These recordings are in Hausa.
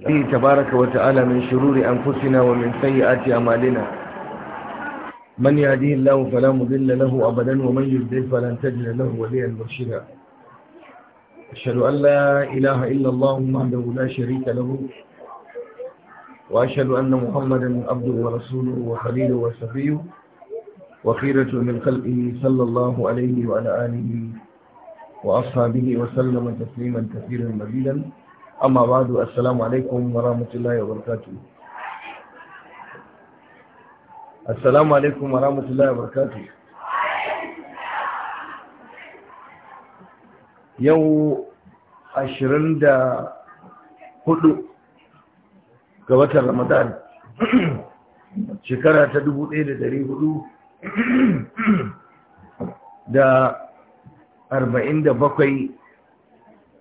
به تبارك وتعالى من شرور أنفسنا ومن سيئات أمالنا من يهديه الله فلا مضل له أبدا ومن يضلل فلن تجد له وليا مرشدا أشهد أن لا إله إلا الله وحده لا شريك له وأشهد أن محمدا عبده ورسوله وخليله وصفيه وخيرة من خلقه صلى الله عليه وعلى آله وأصحابه وسلم تسليما كثيرا مزيدا amma da assalamu alaikum wa rahmatullahi wa barakatuh assalamu alaikum wa rahmatullahi wa barakatuh yau ashirin da hudu ga watan ramadan shekara ta dubu ɗaya da dari hudu da arba'in da bakwai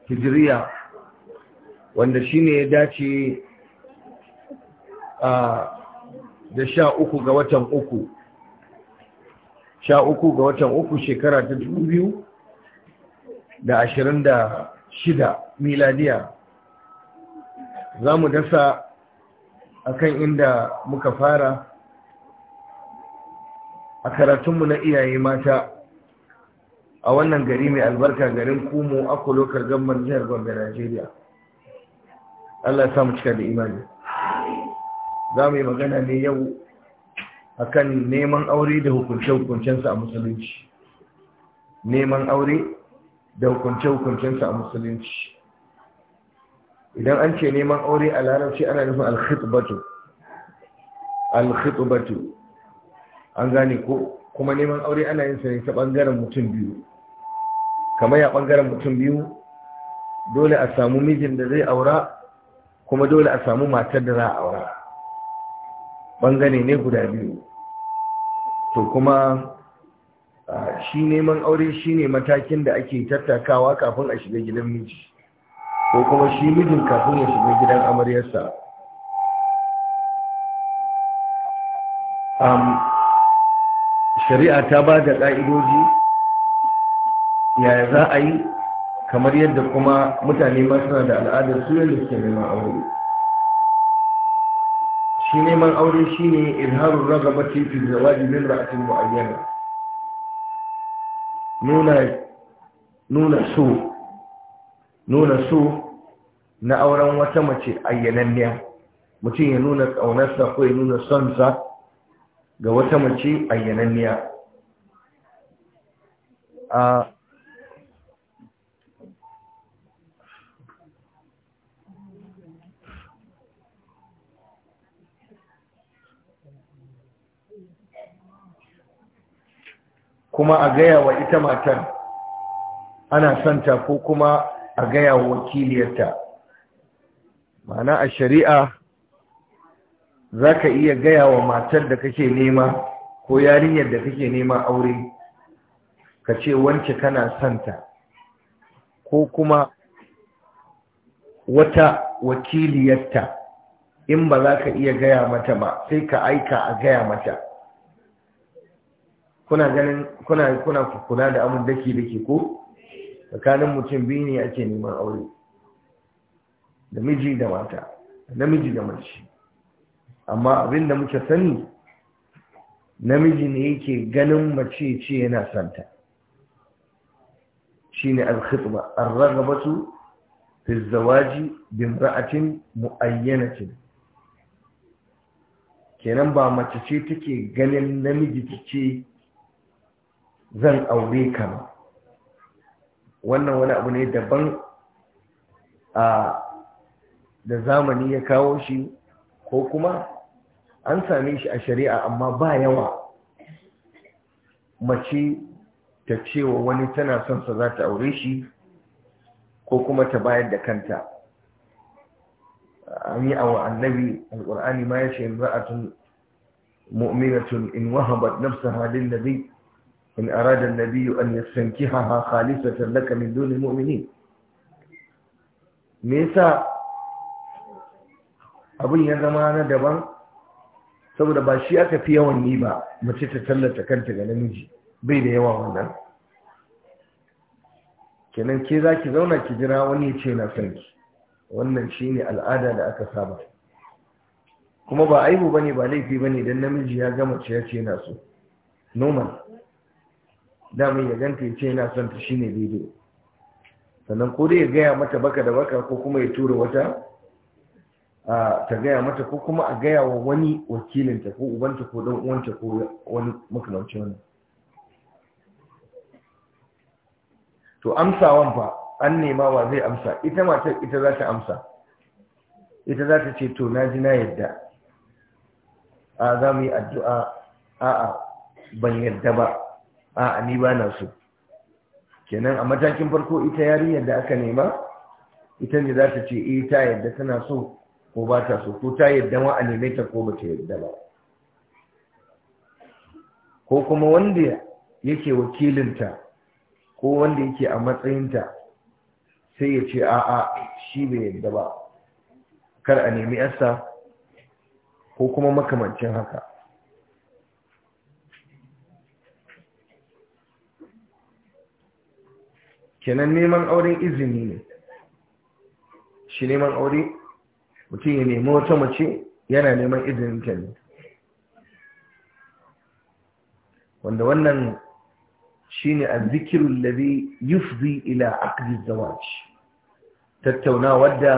hijiriya wanda shi ne ya dace da sha uku ga watan uku sha uku ga watan uku shekara ta dubu biyu da ashirin da shida miladiya za mu dasa akan inda muka fara a karatunmu na iyaye mata a wannan gari mai albarka garin kumo akwai lokar gamban jihar gombe najeriya Allah ya samu cika da imani za mu yi magana ne yau a kan neman aure da hukunce-hukuncensa a musulunci neman aure da hukunce-hukuncensa a musulunci idan an ce neman aure a larabci ana nufin alkhitbatu alkhitbatu an gane ko kuma neman aure ana yin sa ne ta ɓangaren mutum biyu kamar ya ɓangaren mutum biyu dole a samu mijin da zai aura kuma dole a samu matar da za a aura bangare ne guda biyu to kuma shi neman aure shine matakin da ake tattakawa kafin a shiga gidan miji ko kuma shi mijin kafin ya shiga gidan amaryarsa shari'a ta ba da ƙa'idoji yaya za a yi kamar yadda kuma mutane ma suna da al'adar su yadda suke neman aure shi neman aure shi shine raga mace fi zawaji wajibin ra'atin mu'ayyana nuna nuna so nuna so na auren wata mace ayyananniya mutum ya nuna ƙaunarsa ko ya nuna sonsa ga wata mace ayyananniya a kuma a gaya wa ita matar ana santa ko kuma a gaya wa wakiliyarta ma'ana a shari'a za ka iya gaya wa matar da kake nema ko yarinyar da kake nema aure ka ce wance kana santa ko kuma wata wakiliyarta in ba za ka iya gaya mata ba sai ka aika a gaya mata kuna ganin kuna kuna kula da abin daki dake ko tsakanin mutum biyu ne ake neman aure da miji da mata namiji da mace amma abin da muke sani namiji ne yake ganin mace ce yana santa shine al-khitba ar-raghabatu fi zawaji bi imra'atin mu'ayyanatin kenan ba mace ce take ganin namiji ce zan aure ka wannan wani abu ne daban a da zamani ya kawo shi ko kuma an same shi a shari'a amma ba yawa mace ta cewa wani tana son sa za ta aure shi ko kuma ta bayar da kanta an yi awa annabi alƙur'ani ma ya ce ra'atun mu'minatun in wahabat nafsaha lin nabi إن أراد النبي أن يستنكحها خالصة لك من دون المؤمنين ميسا abin ya zama na daban saboda ba shi aka fi yawan yi ba mace ta tallata kanta ga namiji bai da yawa wannan kenan ke za ki zauna ki jira wani ya ce na sanki wannan shi ne al'ada da aka saba kuma ba aibu ba ne ba laifi ba ne don namiji ya gama ce ya ce na so normal damin ya ganta ya ce yana son ta shine daidai sannan ko dai ya gaya mata baka da baka ko kuma ya tura wata ta gaya mata ko kuma a gaya wa wani wakilinta ko ubanta ko don uwanta ko wani makamanci wani to amsawan fa an nema wa zai amsa ita matar ita za ta amsa ita za ta ce to na ji na yadda a za mu yi addu'a a'a ban yadda ba a ni ba na so kenan a matakin farko ita yarinyar da aka nema ita ne za ta ce e ta yadda tana so ko ba ta so ko ta yadda ma a neme ta ko ba ta yadda ba ko kuma wanda yake wakilinta ko wanda yake a matsayinta sai ya ce a'a shi bai yadda ba kar a nemi yasa ko kuma makamancin haka kenan neman auren izini ne shi neman aure mutum ya nemi wata mace yana neman izinin ta ne wanda wannan shi ne shine azzikirul ladhi yufzi ila aqdi zawaj tattauna wadda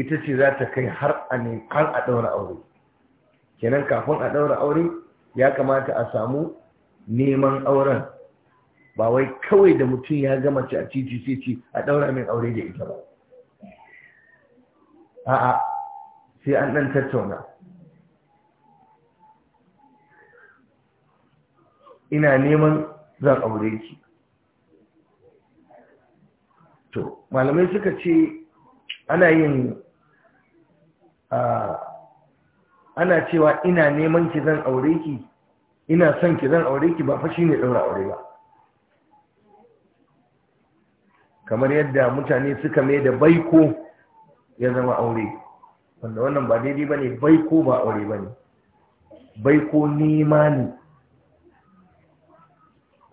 ita ce za ta kai har a ne a daura aure kenan kafin a daura aure ya kamata a samu neman auren ba wai kawai da mutum ya gama ci a titi sai ci a ɗaura min aure da ita ba a'a sai an ɗan tattauna ina neman zan aure ki to malamai suka ce ana yin ana cewa ina neman ki zan aure ki ina son ki zan aure ki ba fa shine ɗaura aure ba kamar yadda mutane suka mai da baiko ya zama aure wanda wannan ba daidai ba ne baiko ba aure ba ne baiko nema ne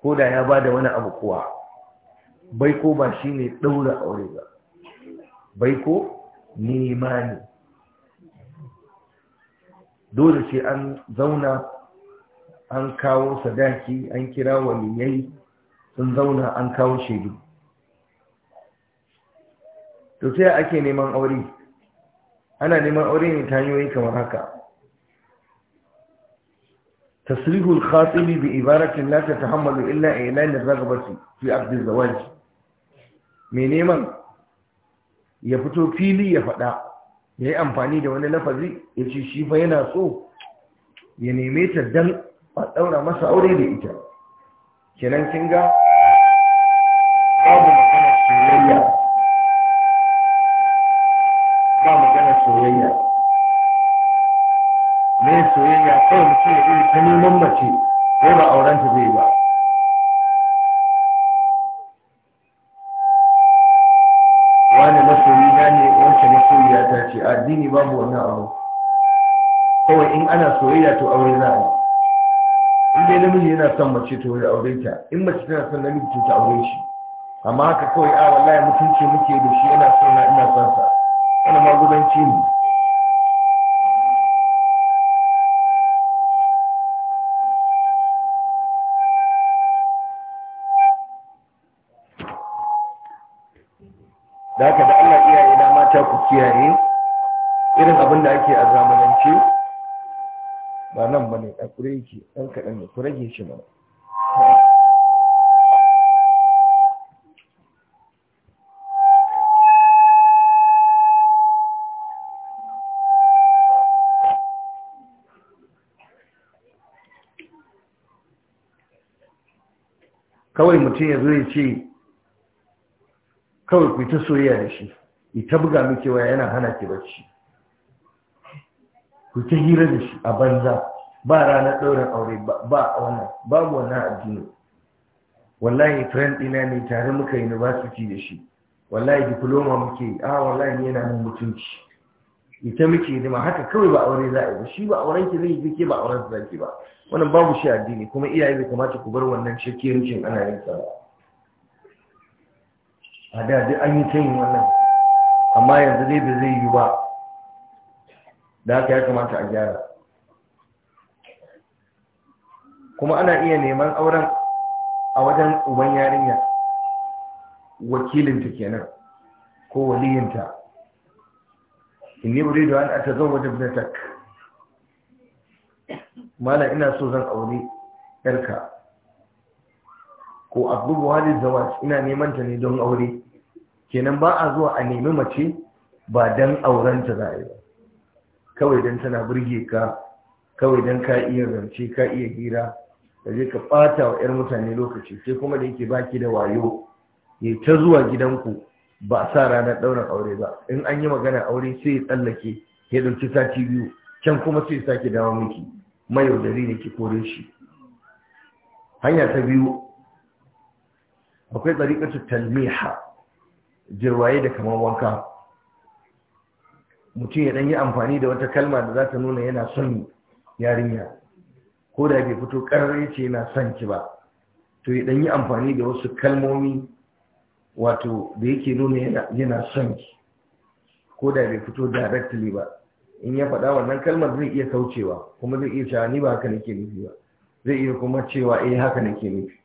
ko da ya ba da wani abu kuwa baiko ba shi ne ɗaura aure ba baiko nema ne dole ce an zauna an kawo sadaki an kira waliyai sun zauna an kawo shaidu to sai ake neman aure ana neman aure ne ta hanyoyi kamar haka tasrihul khatibi bi ibaratin la tatahammalu illa a ar-raghbati fi aqd az-zawaj me neman ya fito fili ya faɗa ya yi amfani da wani lafazi ya ce shi fa yana so ya neme ta dan a ɗaura masa aure da ita kenan kin ga tana son mace ta ya aure ta in mace tana son namiji to ta aure shi amma haka kawai a wallahi mutunci muke da shi yana son na ina son sa wani magudanci ne da haka da Allah iyaye na mata ku kiyaye irin abin da ake a zamanance ba nan ba ne ɗan kure yake ɗan kaɗan ne ku rage shi ba. kawai mutum ya zo ya ce kawai ku ta soyayya da shi ita buga miki waya yana hana ki bacci ku ta hira da shi a banza ba ranar ɗaurin aure ba a wannan babu wannan addini wallahi friend ɗina ne tare muka yi university da shi wallahi diploma muke a ah, wallahi yana nan mutunci ita muke ma haka kawai ba aure za a yi ba shi ba auren ki zai ke ba auren za ba wannan babu shi addini kuma iyaye bai kamata ku bar wannan shakiyancin ana yin ba. a da duk an yi ta yin wannan amma yanzu dai ba zai yi ba da haka ya kamata a gyara kuma ana iya neman auren a wajen uban yarinya wakilinta kenan ko waliyinta inni uridu an atazawwaj ibnatak mana ina so zan aure yarka ko abubuwa hali zama ina neman ta ne don aure kenan ba a zuwa a nemi mace ba don auren ta za a yi ba kawai don tana birge ka kawai don ka iya zance ka iya hira da zai ka ɓata wa 'yar mutane lokaci sai kuma da yake baki da wayo ya ta zuwa gidanku ba a sa ranar ɗaurin aure ba in an yi magana aure sai ya tsallake ya ɗauki sati biyu can kuma sai sake dawo miki mayaudari ne ki kore shi hanya ta biyu akwai tsarikatu talmiha jirwaye da kamar wanka mutum ya dan yi amfani da wata kalma da za ta nuna yana son yarinya ko da bai fito ƙarare ce yana son ki ba to ya dan yi amfani da wasu kalmomi wato da yake nuna yana son ki ko da bai fito directly ba in ya faɗa wannan kalmar zai iya kaucewa kuma zai iya cewa ni ba haka nake nufi ba zai iya kuma cewa eh haka nake nufi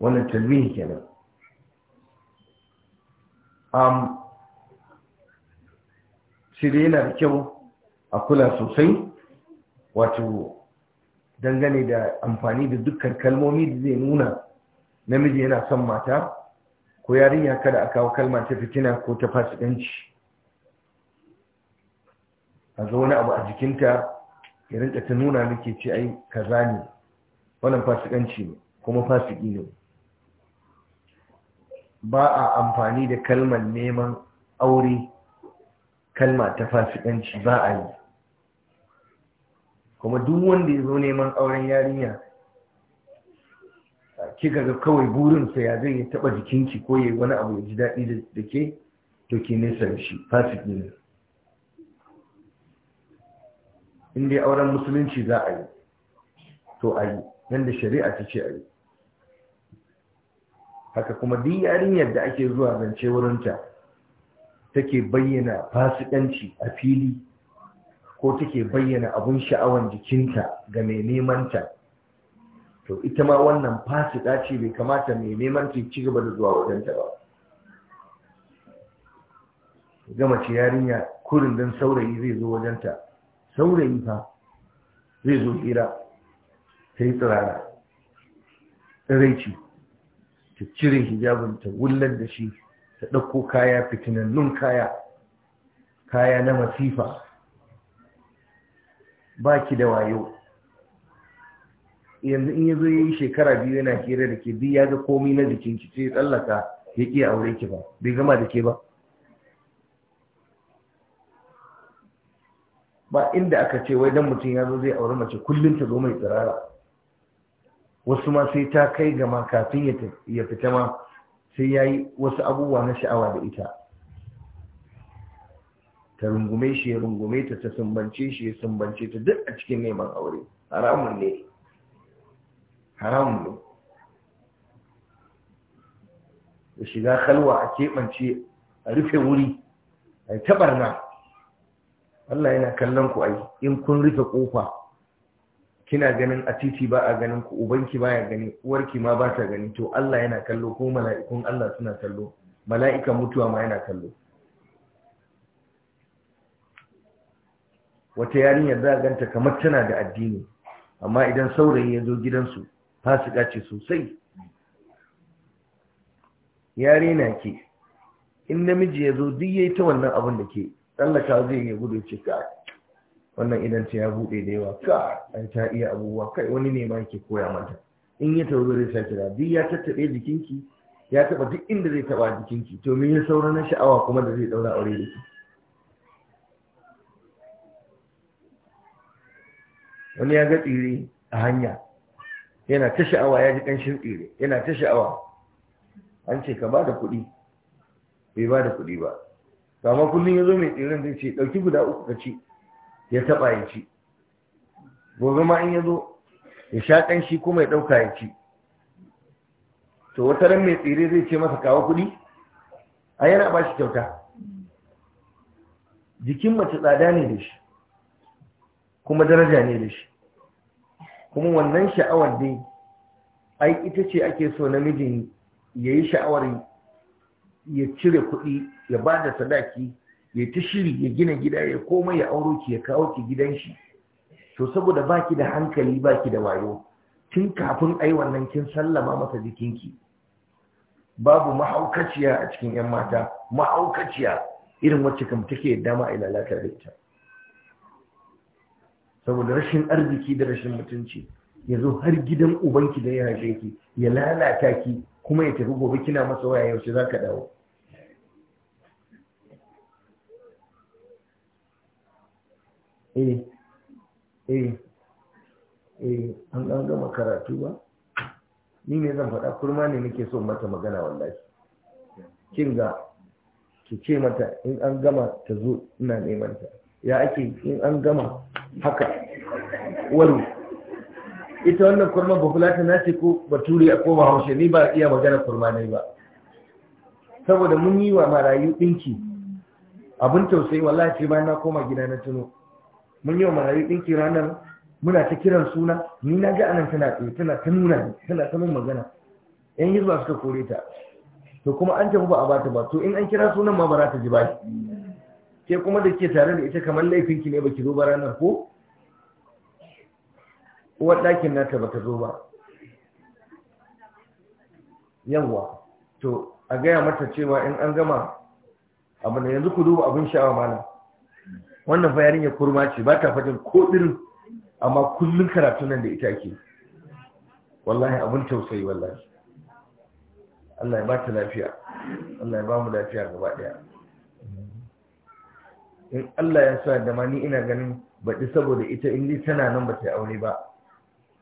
wannan talbihi kenan um shirye yana da kyau a kula sosai wato dangane da amfani da dukkan kalmomi da zai nuna namiji yana son mata ko yarinya kada a kawo kalma ta fitina ko ta fasikanci a zo wani abu a jikinta ya rinka ta nuna nake ce ai kaza ne wannan fasikanci ne kuma fasiki ne ba a amfani da kalmar neman aure kalma ta fasikanci ba a yi kuma duk wanda ya zo neman auren yarinya Ki ga kawai burinsa ya zai taba jikinki ko ya wani abu ya ji daɗi da ke to ki nesa da shi fasiki ne in dai auren musulunci za a yi to a yi da shari'a ta ce a yi haka kuma duk yarinyar da ake zuwa zance wurinta take bayyana fasikanci a fili ko take bayyana abun sha'awan jikinta ga mai nemanta to ita ma wannan fasika ce bai kamata mai neman ta ci gaba da zuwa wajenta ba gama ce yarinya kurin don saurayi zai zo wajenta saurayi fa zai zo hira ta yi tsirara tsiraici ta cire hijabin ta wullar da shi ta ɗauko kaya fitinannun kaya kaya na masifa ba ki da wayo yanzu in yazo ya yi shekara biyu yana kera da ke biya ya ga komi na jikin ki ce tsallaka ya ƙi aure ki ba bai gama da ke ba ba inda aka ce wai dan mutum ya zo zai aure mace kullum ta zo mai tsirara wasu ma sai ta kai gama kafin ya fita ma sai ya yi wasu abubuwa na sha'awa da ita ta rungume shi ya rungume ta ta sumbance shi ya sumbance ta duk a cikin neman aure haramun ne haramun ne shiga kalwa a keɓance a rufe wuri a yi tabarna Allah yana kallon ku ai in kun rufe ƙofa kina ganin a titi ba a ganin ku ubanki ya gani uwarki ma ba ta gani to Allah yana kallo ko mala'ikun Allah suna kallo mala'ikan mutuwa ma yana kallo wata yarinyar za ganta kamar tana da addini amma idan saurayi ya zo gidansu fasika ce sosai yare na ke in namiji ya zo duk yayi ta wannan abin da ke tsallaka zai ne gudu ce ka wannan idan ta ya buɗe da yawa ka an ta iya abubuwa kai wani ne ma yake koya mata in ya tauri zai sa da duk ya tattaɓe jikinki ya taɓa duk inda zai taɓa jikinki to me ya saura na sha'awa kuma da zai ɗaura aure da ki wani ya ga tsire a hanya yana ta sha'awa ya ji ƙanshin tsire yana ta sha'awa an ce ka ba da kuɗi bai ba da kuɗi ba amma kullum ya zo mai tsirin zai ce ɗauki guda uku ka ci ya taba ya ci gobe ma in ya zo ya sha ƙanshi kuma ya ɗauka ya ci to wata ran mai tsere zai ce masa kawo kuɗi a yana ba shi kyauta jikin mace tsada ne da shi kuma daraja ne da shi kuma wannan sha'awar dai ai ita ce ake so namijin ya yi sha'awar ya cire kuɗi ya ba da sadaki ya ta shiri ya gina gida ya koma ya auro ki ya kawo ki gidan shi to saboda baki da hankali baki da wayo tun kafin ai wannan kin sallama masa jikinki babu mahaukaciya a cikin yan mata mahaukaciya irin wacce kam take yadda ma ilalata da ita saboda rashin arziki da rashin mutunci ya zo har gidan ubanki da ya haife ki ya lalata ki kuma ya tafi gobe kina masa waya yaushe za ka dawo eh eh eh an ɗan gama karatu ba ni ne zan faɗa kurma ne nake so mata magana wallahi kin ga ki ce mata in an gama ta zo ina neman ta ya ake in an gama haka wani ita wannan kurma ba kula ta nace ko bature a koma haushe ni ba iya magana kurma ne ba saboda mun yi wa marayu ɗinki abin tausayi wallahi ce ba na koma gida na tuno mun yi wa marayu ɗinki ranar muna ta kiran suna ni na ga anan tana tana ta nuna ne tana ta mun magana yan hizba suka kore ta to kuma an tafi ba a bata ba to in an kira sunan ma ba za ta ji ba ke kuma da ke tare da ita kamar laifinki ne baki zo ba ranar ko uwar ɗakin nata ba ta zo ba yawwa to a gaya mata cewa in an gama abu da yanzu ku duba abin sha'awa malam wannan fa yarinya kurma ce ba ta fatan ko irin amma kullun karatu nan da ita ake wallahi abun tausayi wallahi Allah ya ba ta lafiya Allah ya ba mu lafiya gaba daya in Allah ya sa da ma ni ina ganin baɗi saboda ita in tana nan ba ta aure ba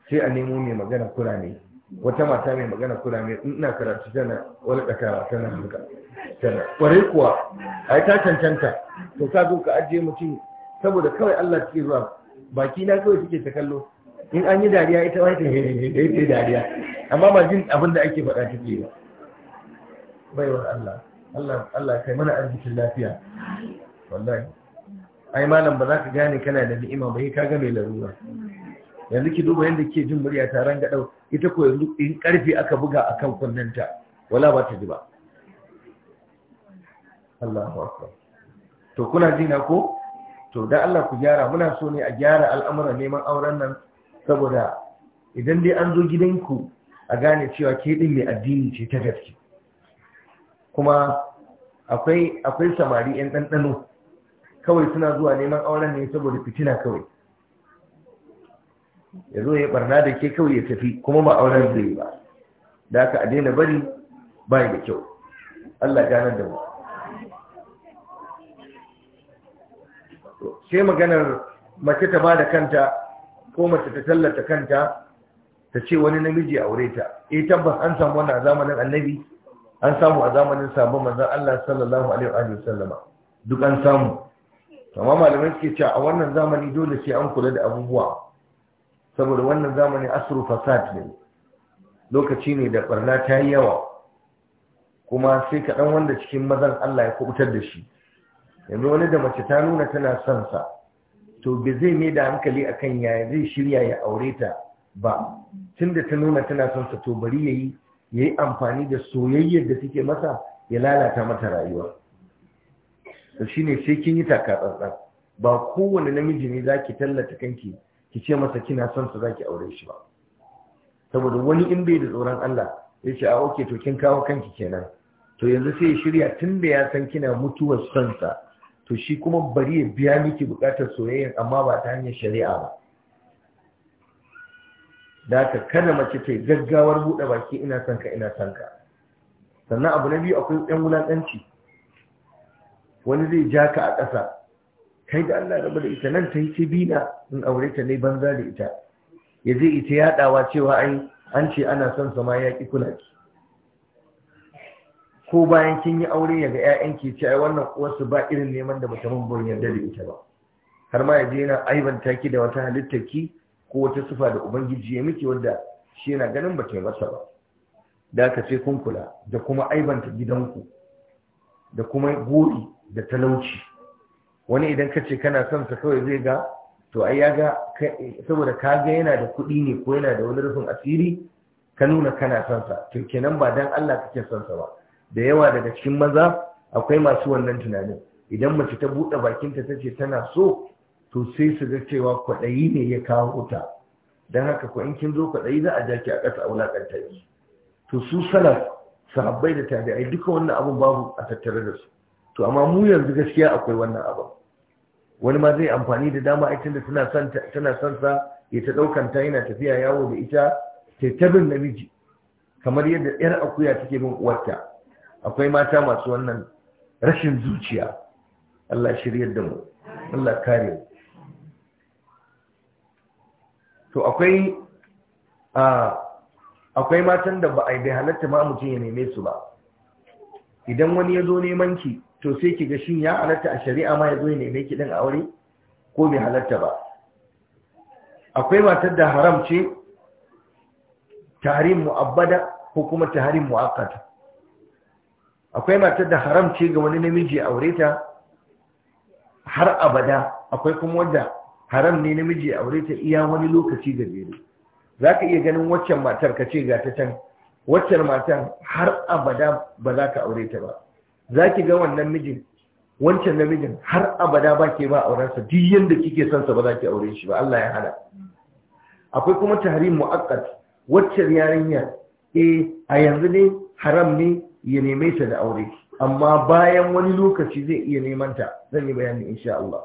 sai a nemo mai magana kura ne wata mata mai magana kuna mai ina karatu tana wani ɗakawa tana haka tana kwarai kuwa ai ta cancanta to ka zo ka ajiye mutum saboda kawai Allah ke zuwa baki na kawai suke ta kallo in an yi dariya ita ma ta yi dariya amma ba jin abin da ake faɗa take ba wa Allah Allah Allah kai mana arzikin lafiya wallahi ai malam ba za ka gane kana da ni'ima ba ka ga mai larura yanzu ki duba yadda ke jin murya taron ga dau ita ko yanzu in karfe aka buga akan kunnenta, wala ba ta ji ba Allahu akbar to kuna ji ko to dan Allah ku gyara muna so ne a gyara al'amuran neman auren nan saboda idan dai an zo gidanku a gane cewa ke din mai addini ce ta gaske kuma akwai akwai samari yan ɗanɗano kawai suna zuwa neman auren ne saboda fitina kawai ya zo ya barna da ke kawai ya tafi kuma ba auren zai ba da aka daina bari ba da kyau Allah ganar da mu sai maganar mace ta ba da kanta ko mace ta tallata kanta ta ce wani namiji aure ta eh tabbas an samu wannan a zamanin annabi an samu a zamanin sabon manzon Allah sallallahu alaihi wa sallama duk an samu amma malamai suke cewa a wannan zamani dole sai an kula da abubuwa saboda wannan zamani asru fasad ne lokaci ne da barna ta yi yawa kuma sai kaɗan wanda cikin mazan Allah ya kubutar da shi yanzu wani da mace ta nuna tana son sa to bai zai mai da hankali akan yaya zai shirya ya aure ta ba tunda ta nuna tana son sa to bari yayi yayi amfani da soyayyar da take masa ya lalata mata rayuwa to shine sai kin yi taka tsantsan ba kowane namiji ne zaki tallata kanki ki ce masa kina son su zaki aure shi ba saboda wani in bai da tsoron Allah ya ce a oke to kin kawo kanki kenan to yanzu sai ya shirya tun da ya san kina mutuwar son sa to shi kuma bari ya biya miki bukatar soyayya amma ba ta hanyar shari'a ba da ka kada mace ta gaggawar buɗe baki ina son ka ina son ka sannan abu na biyu akwai ɗan wulaƙanci wani zai ja ka a ƙasa kai da Allah rabu da ita nan ta yi cibina in aure ta ne banza da ita ya je ita yaɗawa cewa ai an ce ana son sama ya ki kula ki ko bayan kin yi aure ya ga ki ce ai wannan uwarsu ba irin neman da mutum bon yarda da ita ba har ma ya je yana aibanta ki da wata halittar ki ko wata sufa da ubangiji ya miki wadda shi yana ganin ba ta masa ba da aka ce kun kula da kuma aibanta gidanku da kuma gori da talauci wani idan ka ce kana son sa kawai zai ga to ai ya ga saboda ka ga yana da kuɗi ne ko yana da wani rufin asiri ka nuna kana son sa to kenan ba dan Allah kake son sa ba da yawa daga cikin maza akwai masu wannan tunanin idan mace ta buɗe bakinta ta ce tana so to sai su ga cewa kwaɗayi ne ya kawo ta dan haka ko in kin zo kwaɗayi za a ja ki a ƙasa a wulaƙanta ki to su salaf sahabbai da tabi'ai duka wannan abun babu a tattare da su to amma mu yanzu gaskiya akwai wannan abun wani ma zai amfani da dama aikin da tana son sa ya ta yana tafiya yawo da ita sai ta namiji kamar yadda yar akuya take bin uwarta akwai mata masu wannan rashin zuciya Allah shiryar da mu Allah kare mu to akwai a akwai matan da ba a bai halatta ma mutum ya neme su ba idan wani ya zo neman ki to sai ki ga shin ya halatta a shari'a ma ya zo ne mai ki aure ko bai halatta ba akwai matar da haram ce tarihin mu'abbada ko kuma tarihin mu'akata akwai matar da haram ce ga wani namiji aure ta har abada akwai kuma wanda haram ne namiji aure ta iya wani lokaci da Za ka iya ganin waccan matar ka ce ga ta can waccan matar har abada ba za ka aure ta ba za ki ga wannan mijin wancan namijin har abada ba ke ba aurensa duk yadda kike son sa ba za ki aure shi ba Allah ya hada. akwai kuma tahrim mu'aqqat wacce yarinya eh a yanzu ne haram ne ya neme ta da aure amma bayan wani lokaci zai iya neman ta zan yi bayani insha Allah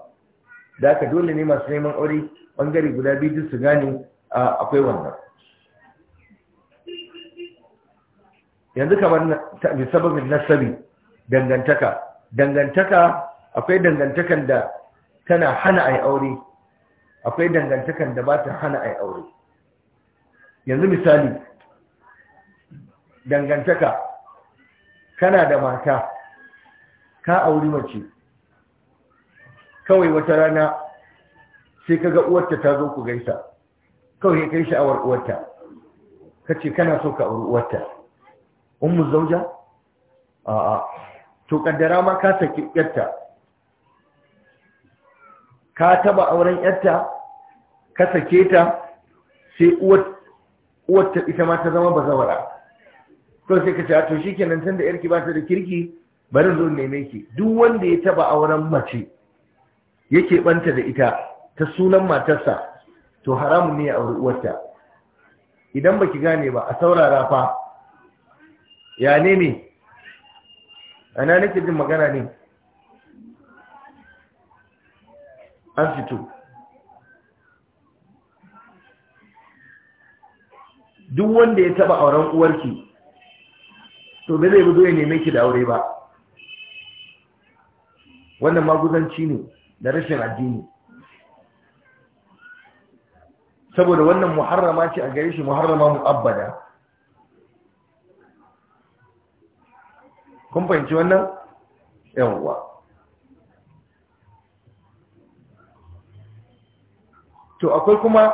da haka dole ne masu neman aure bangare guda biyu duk su gane akwai wannan yanzu kamar sababin nasabi dangantaka dangantaka akwai dangantakan da tana hana ai aure akwai dangantakan da ba ta hana ai aure yanzu misali dangantaka kana da mata ka auri mace kawai wata rana sai kaga uwarta ta zo ku gaisa kawai kai sha'awar uwarta kace kana so ka auri uwarta ummu zauja a'a to kaddara ma ka saki yarta ka taba auren yarta ka sake ta sai uwar ta ita ma ta zama bazawara to sai ka ce to shikenan tun da yarki ba ta da kirki bari zo neme ki duk wanda ya taba auren mace yake banta da ita ta sunan matarsa to haramun ne ya auri uwarta idan baki gane ba a saurara fa ya ne ne ana nake jin magana ne an fito duk wanda ya taba auren uwarki to ba zai zo ya neme ki da aure ba wannan maguzanci ne da rashin addini saboda wannan muharrama ce a gare shi muharrama mu'abbada kun fahimci wannan yawwa to akwai kuma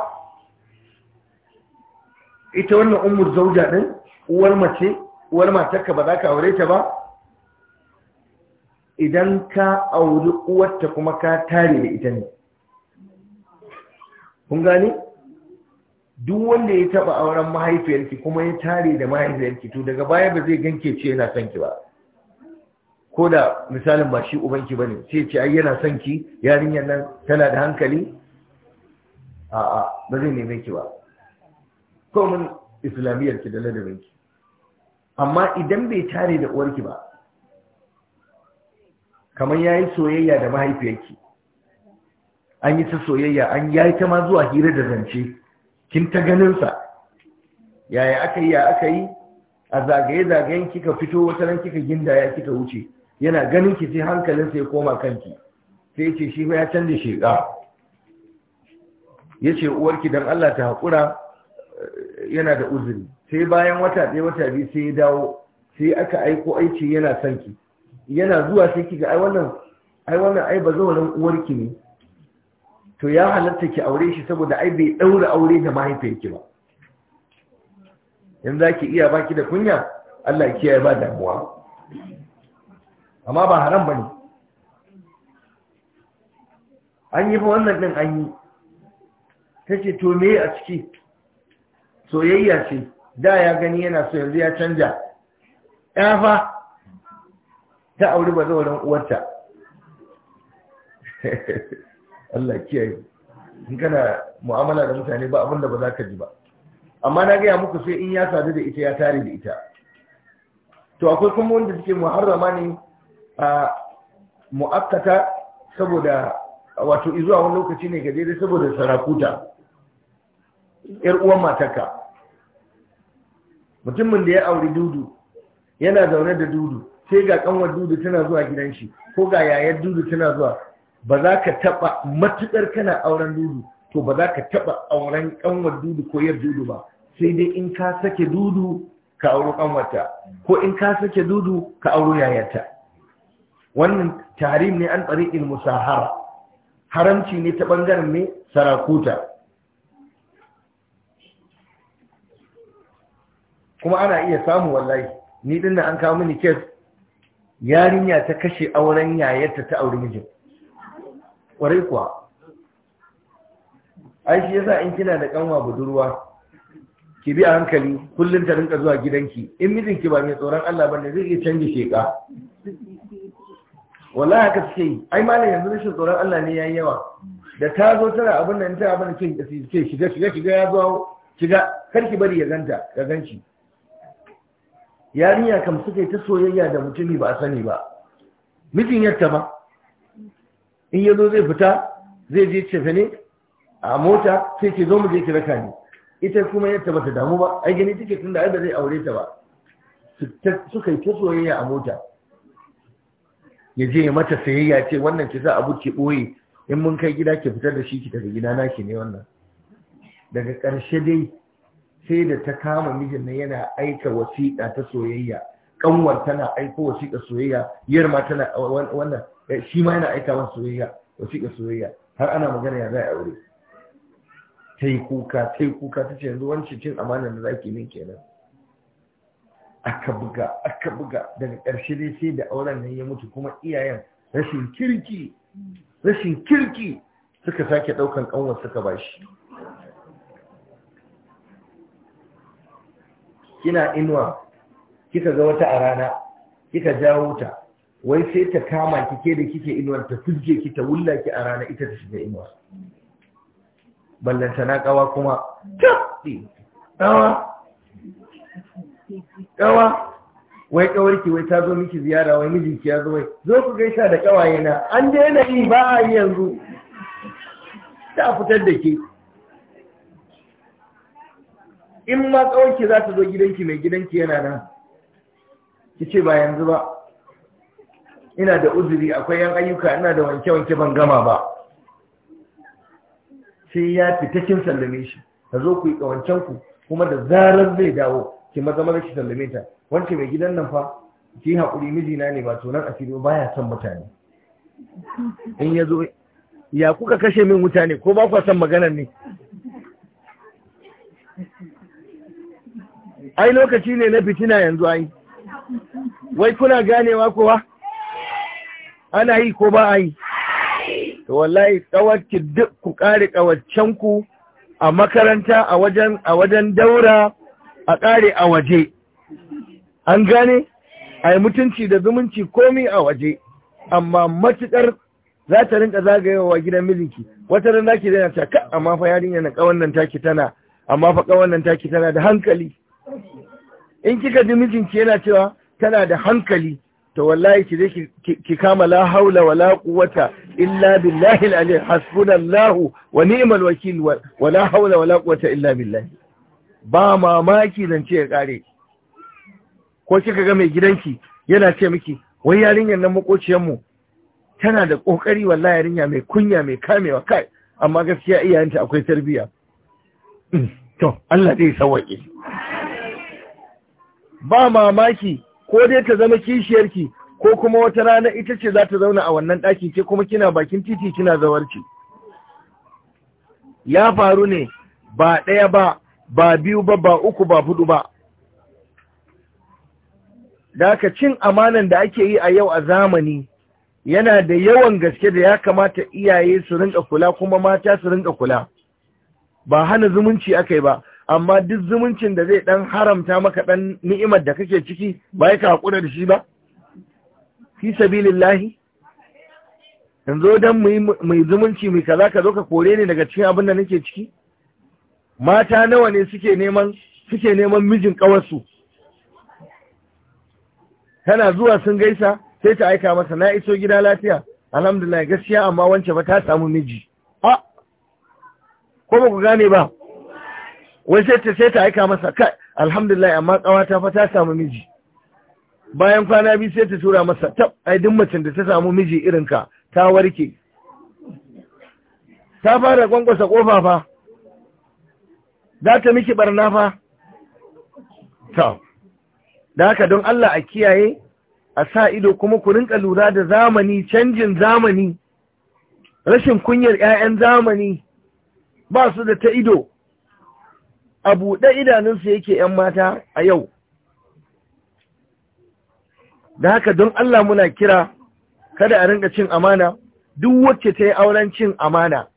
ita wannan umar zauja din uwar mace uwar matarka ba za ka aure ta ba idan ka auri uwarta kuma ka tare da ita ne kun gani duk wanda ya taba auren mahaifiyarki kuma ya tare da mahaifiyarki to daga baya ba zai ganke ce yana son ki ba ko da misalin ba shi ubanki ne, sai ce ai yana son ki yarinyar nan tana da hankali a'a ba zai neme ki ba ko mun islamiyyar ki da ladabin ki amma idan bai tare da uwarki ba kamar yayi soyayya da mahaifiyarki an yi ta soyayya an yayi ta ma zuwa hira da zance kin ta ganin sa yaya aka yi ya aka yi a zagaye-zagayen kika fito wata ran kika gindaya kika wuce yana ganin ki sai hankalin sai koma kanki sai ya ce shi ya canza shiga ya ce uwarki don Allah ta haƙura eh, yana da uzuri sai bayan wata ɗaya wata biyu sai ya dawo sai aka aiko aiki yana son ki yana zuwa sai kiga ai wannan ai wannan ai bazawarin uwarki ne to ya halatta ki aure shi saboda ai bai daura aure da mahaifiyarki ba yanzu ki iya baki da kunya Allah ya kiyaye ba damuwa amma ba haram ba ne an yi fa wannan ɗin an yi ta ce to me a ciki soyayya ce da ya gani yana so yanzu ya canja ya ta auri ba zauren uwarta Allah kiyaye in kana mu'amala da mutane ba abinda ba za ka ji ba amma na gaya muku sai in ya sadu da ita ya tare da ita to akwai kuma wanda suke muharrama ne mu'akkata saboda wato izuwa wani lokaci ne ga daidai saboda sarakuta ‘yar uwan mataka mutumin da ya auri dudu yana zaune da dudu sai ga kanwar dudu tana zuwa gidan shi ko ga yayar dudu tana zuwa ba za ka taba matukar kana auren dudu to ba za ka taba auren kanwar dudu ko yar dudu ba sai dai in ka sake dudu ka auri kanwarta ko in ka sake dudu ka auri yayarta wannan tarim ne an in musahara haramci ne ta ɓangaren ne sarakuta kuma ana iya samu wallahi ni din an kawo mini kes yarinya ta kashe auren yayarta ta auri mijin ƙwarai kuwa ai shi yasa in kina da kanwa budurwa ki bi a hankali kullum ta rinka zuwa gidanki in mijinki ba mai tsoron Allah bane zai iya canje sheka wallahi haka suke yi ai malam yanzu rashin tsoron Allah ne yayi yawa da ta zo tana abin nan ta abin ce ce shiga shiga shiga ya zo shiga kar ki bari ya ganta ya ganci yarinya kam suke yi ta soyayya da mutumi ba a sani ba mijin yadda ba in ya zo zai fita zai je cefe ne a mota sai ki zo mu je ki raka ni ita kuma yadda ba ta damu ba ai gani take tun da ai ba zai aure ta ba suka yi ta soyayya a mota ya je ya mata sayayya ce wannan ki za abu ki ɓoye in mun kai gida ki fitar da shi ki daga gida naki ne wannan daga ƙarshe dai sai da ta kama mijin nan yana aika wasiƙa ta soyayya kanwar tana aiko wasiƙa soyayya yar ma tana wannan eh, shi ma yana aika wa soyayya wasiƙa soyayya har ana magana ya za a aure ta kuka ta kuka ta yanzu wancan cin amanar da zaki min kenan aka buga aka buga daga ƙarshe dai sai da auren nan ya mutu kuma iyayen rashin kirki rashin kirki suka sake ɗaukan ƙanwar suka bashi kina inuwa kika ga wata a rana kika jawo ta wai sai ta kama kike da kike inuwar ta fizge ki ta wulla ki a rana ita ta shiga inuwa ballanta na kawa kuma taɓi ɗawa kawa wai kawarki wai ta zo miki ziyara wai mijinki ya zo wai zo ku gaisa da kawaye na an daina yi ba a yi yanzu ta fitar da ke in ma kawarki za ta zo gidanki mai gidanki yana nan ki ce ba yanzu ba ina da uzuri akwai yan ayyuka ina da wanke-wanke ban gama ba sai ya fita kin sallame shi ta zo ku yi ku kuma da zarar zai dawo ki maza maza ki sallame ta mai gidan nan fa ki haƙuri mijina ne ba tunan asiri ba ya son mutane in ya zo ya kuka kashe min mutane ko ba kwa son maganar ne ai lokaci ne na fitina yanzu ai wai kuna ganewa kowa ana yi ko ba a yi to wallahi kawarki duk ku kare kawaccen ku a makaranta a wajen daura a ƙare a waje an gane a mutunci da zumunci komi a waje amma matuƙar za ta rinka zagayewa gidan mijinki wata rinƙa zaki zai na ka amma fa yarin yana kawan nan taki tana amma fa kawan nan taki tana da hankali in kika ji mijinki yana cewa tana da hankali to wallahi ki zai ki kama la haula wa la quwwata illa billahi al-ali hasbunallahu wa ni'mal wakil la haula wa la quwwata illa billahi ba mamaki zan ce ya kare ko kika ga mai gidanki yana ce miki wai yarinyar nan makociyar tana da kokari wallahi yarinya mai kunya mai kamewa kai amma gaskiya iyayenta akwai tarbiyya mm, to Allah zai sauwaƙe ba mamaki ko dai ta zama kishiyarki ko kuma wata rana ita ce za ta zauna a wannan daki ce kuma kina bakin titi kina zawarci ya faru ne ba ɗaya ba ba biyu ba ba uku ba hudu ba da cin amanan da ake yi a yau a zamani yana da yawan gaske da ya kamata iyaye su rinka kula kuma mata su rinka kula ba hana zumunci aka yi ba amma duk zumuncin da zai dan haramta maka dan ni'imar da kake ciki ba ya ka hakura da shi ba fi sabilillahi yanzu dan mu yi zumunci mu kaza ka zo ka kore ni daga cikin abin da nake ciki mata nawa ne suke neman suke neman mijin ƙawarsu tana zuwa sun gaisa sai ta aika masa na iso gida lafiya alhamdulillah gaskiya amma wance ba ta samu miji a ko ba ku gane ba wai sai ta sai ta aika masa kai alhamdulillah amma ƙawata fa ta samu miji bayan kwana biyu sai ta tura masa tab ai duk macen da ta samu miji irinka ta warke ta fara kwankwasa kofa fa za ta miki barna fa ta da haka don Allah a kiyaye a sa ido kuma ku rinka lura da zamani canjin zamani rashin kunyar 'ya'yan zamani ba su da ta ido a buɗe idanunsu yake 'yan mata a yau da haka don Allah muna kira kada a rinka cin amana duk wacce ta yi auren cin amana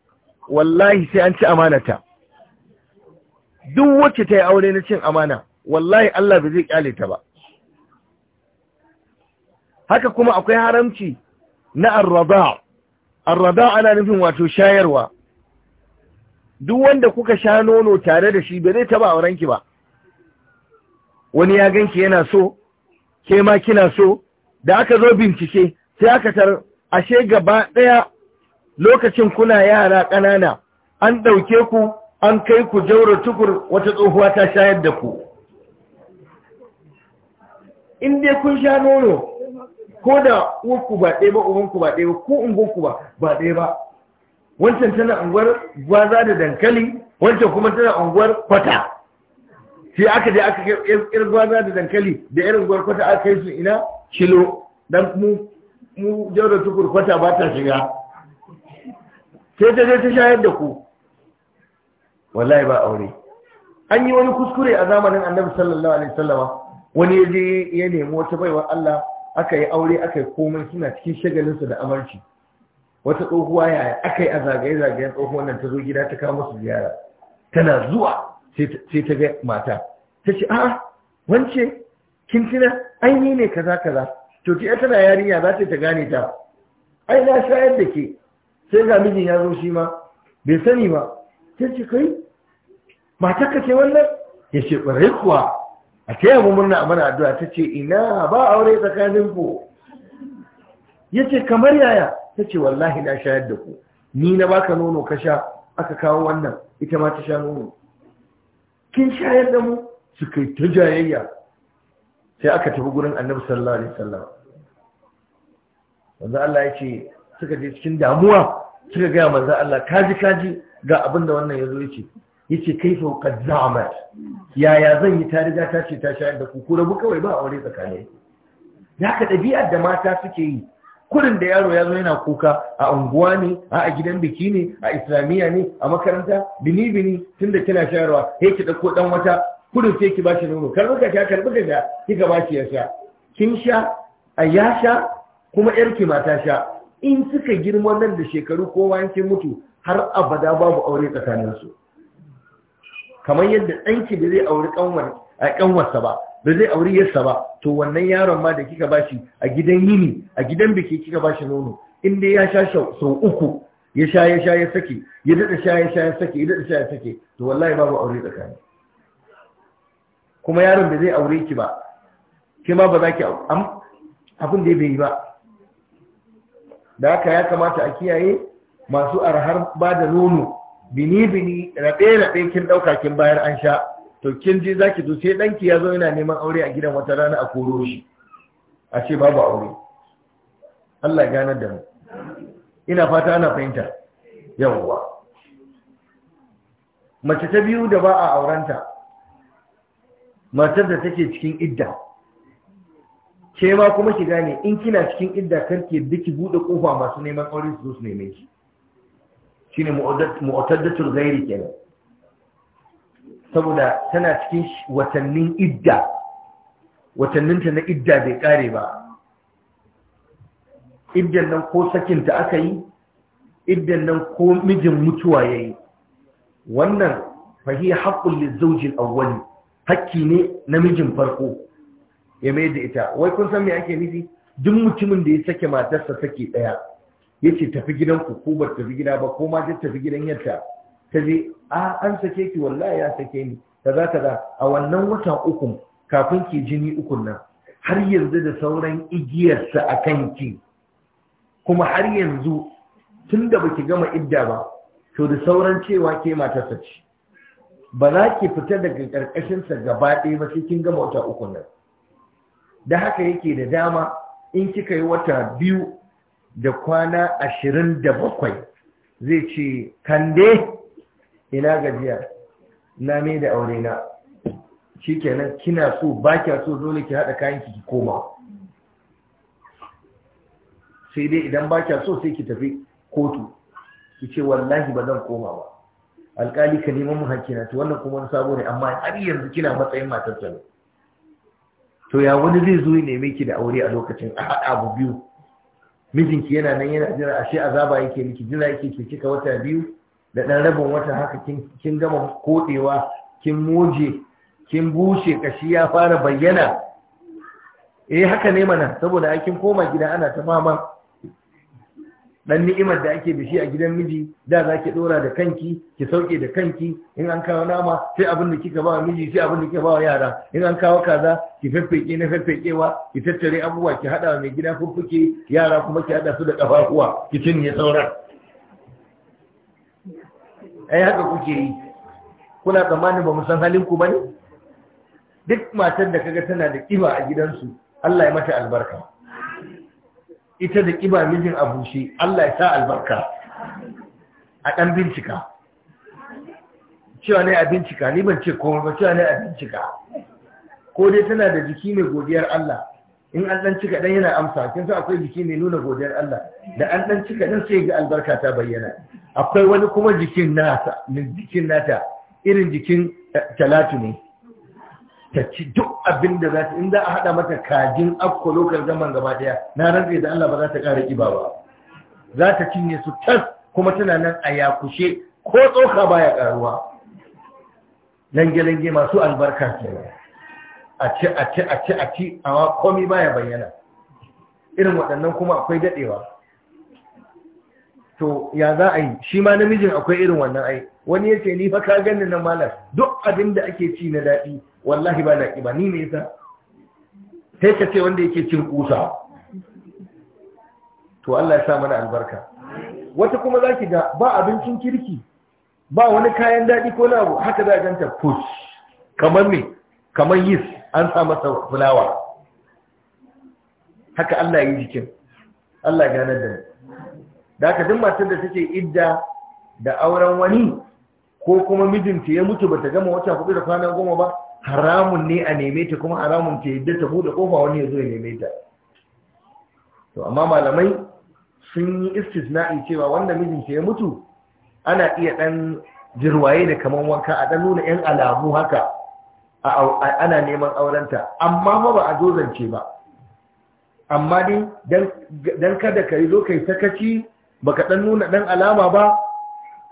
wallahi sai an ci amanata duk wacce ta yi aure na cin amana wallahi Allah ba zai kyale ta ba haka kuma akwai haramci na arraba arraba ana nufin wato shayarwa duk wanda kuka sha nono tare da shi ba zai taba aurenki ba wani ya ganki yana so ke ma kina so da aka zo bincike sai aka tar ashe gaba ɗaya lokacin kuna yara ƙanana an ɗauke ku an kai ku jaura tukur wata tsohuwa ta shayar da ku in dai kun sha nono ko da uku ba ɗaya ba ubanku ba ɗaya ba ko ungonku ba ba ɗaya ba wancan tana unguwar gwaza da dankali wancan kuma tana unguwar kwata sai aka je aka kai irin gwaza da dankali da irin gwar kwata aka kai su ina kilo dan mu mu jaura tukur kwata ba ta shiga sai ta je ta shayar da ku wallahi ba aure an yi wani kuskure a zamanin annabi sallallahu alaihi wasallama wani ya ya nemi wata baiwar Allah aka yi aure aka komai suna cikin shagalin shagalinsu da amarci wata tsohuwa yaya aka yi a zagaye-zagayen tsohuwan nan ta zo gida ta kawo musu ziyara tana zuwa sai ta ga mata ta ce a'a wance kin tuna ni ne kaza kaza to ki tana yarinya za ta gane ta ai na shayar da ke sai ga mijin ya zo shi ma bai sani ba sai ce kai mata ka ce wannan ya ce ɓarai kuwa a ta mu murna a mana addu'a ta ce ina ba aure tsakanin ku ya ce kamar yaya ta ce wallahi na shayar da ku ni na baka nono ka sha aka kawo wannan ita ma ta sha nono kin shayar da mu su kai ta jayayya sai aka tafi gurin annabi sallallahu alaihi wasallam manzo Allah ya ce suka je cikin damuwa suka gaya manzo Allah kaji kaji ga abin da wannan ya zo yace yace kai qad za'amat yaya zan yi tariga ta ce ta shayar da ku ku rabu kawai ba aure tsakani ya ka ɗabi'ar da mata suke yi kurin da yaro ya zo yana kuka a unguwa ne a gidan biki ne a islamiyya ne a makaranta bini bini tunda kina shayarwa sai ki ɗauko ɗan wata kurin sai ki bashi nono karbi ka sha karbi ka sha kika bashi ya sha kin sha a ya sha kuma yarki mata sha in suka girma nan da shekaru kowa in kin mutu har abada babu aure tsakaninsu kamar yadda ɗanki da zai aure ƙanwarsa ba da zai aure yarsa ba to wannan yaron ma da kika bashi a gidan yini a gidan biki kika bashi nono in dai ya sha sau uku ya sha ya sha ya sake ya daɗa sha ya sha ya sake ya daɗa sha ya sake to wallahi babu aure tsakani kuma yaron da zai aure ki ba ke ma ba za ki abin da ya bai yi ba da haka ya kamata a kiyaye masu arhar ba da nono bini-bini raɗe da kin ɗauka kin bayar an sha to kin ji za ki zo sai ɗanki ya zo yana neman aure a gidan wata rana a koro shi a ce babu aure Allah ganar da mu ina fata ana fahimta yawwa mace ta biyu da ba a aurenta matar da take cikin idda ke ma kuma ki gane in kina cikin idda karke duki bude buɗe masu neman aure su zo su neme ki shine mu'taddatul ke kenan saboda tana cikin watannin idda watanninta na idda bai kare ba iddan nan ko sakinta aka yi iddan nan ko mijin mutuwa ya yi wannan fahi haƙƙun lizaujin awwali hakki ne na mijin farko ya mai da ita wai kun san me ake nufi duk mutumin da ya sake matarsa sake ɗaya yace tafi gidan ku ko ba tafi gida ba ko ma ta tafi gidan yarta ta je a an sake ki wallahi ya sake ni za ta kaza a wannan watan uku kafin ki jini ukun nan har yanzu da sauran igiyarsa a ki. kuma har yanzu tun da baki gama idda ba to da sauran cewa ke mata sace. ba za ki fita daga ƙarƙashinsa gaba ɗaya ba sai kin gama wata uku nan da haka yake da dama in kika yi wata biyu da kwana ashirin da bakwai zai ce kande ina gajiya na mai da aure na shi kenan kina so ba kya so dole ki haɗa kayan ki koma sai dai idan ba so sai ki tafi kotu ki ce wallahi ba zan koma ba alkali ka neman mu hakina to wannan kuma wani sabo ne amma har yanzu kina matsayin matar ta to ya wani zai zo ya neme ki da aure a lokacin a haɗa abu biyu mijinki yana nan yana jira ashe azaba yake miki jira yake ke cika wata biyu da ɗan rabin wata haka kin gama koɗewa kin moje kin bushe kashi ya fara bayyana eh haka ne mana saboda ai kin koma gida ana ta fama dan ni'imar da ake da shi a gidan miji da za ki dora da kanki ki sauke da kanki in an kawo nama sai abin da kika ba miji sai abin da kika ba wa yara in an kawo kaza ki faffeke na faffekewa ki tattare abubuwa ki hada mai gida fuffuke yara kuma ki hada su da kafafuwa ki cinye sauran ai haka kuke yi kuna tsammanin ba mu san halin ku bane duk matar da kaga tana da kiba a gidansu Allah ya mata albarka ita da ƙiba mijin a bushe Allah ya sa albarka a ɗan bincika cewa ne a bincika ni ban ce komai ba cewa ne a bincika ko dai tana da jiki mai godiyar Allah in an ɗan cika ɗan yana amsa kin san akwai jiki mai nuna godiyar Allah da an ɗan cika ɗan sai ga albarka ta bayyana akwai wani kuma jikin nata jikin nata irin jikin talatu ne ta ci duk abin da za ta in a haɗa mata kajin akko lokar zaman gaba ɗaya na rantse da Allah ba za ta ƙara ƙiba ba za ta cinye su tas kuma tana nan a yakushe ko tsoka baya ƙaruwa lange-lange masu albarka ce a ci a ci a ci a ci amma komi baya bayyana irin waɗannan kuma akwai daɗewa to ya za a yi shi ma namijin akwai irin wannan ai wani ya ce ni fa ka gani nan Malam? duk abin da ake ci na daɗi wallahi ba na ƙiba ni ne yasa sai ka ce wanda yake cin kusa to Allah ya sa mana albarka wata kuma za ki ga ba abincin kirki ba wani kayan daɗi ko na abu haka za a ganta push kamar me kamar yis an sa masa fulawa haka Allah yi jikin Allah ganar da da haka duk matar da take idda da auren wani ko kuma mijinta ya mutu bata gama wata hudu da kwanan goma ba haramun ne a neme ta kuma haramun ta yadda ta bude kofa wani ya zo ya neme ta to amma malamai sun yi istisna'i cewa wanda mijinta ya mutu ana iya ɗan jirwaye da kaman wanka a ɗan nuna 'yan alamu haka ana neman aurenta amma ma ba a zozance ba amma dai dan kada ka yi zo kai sakaci baka ɗan nuna ɗan alama ba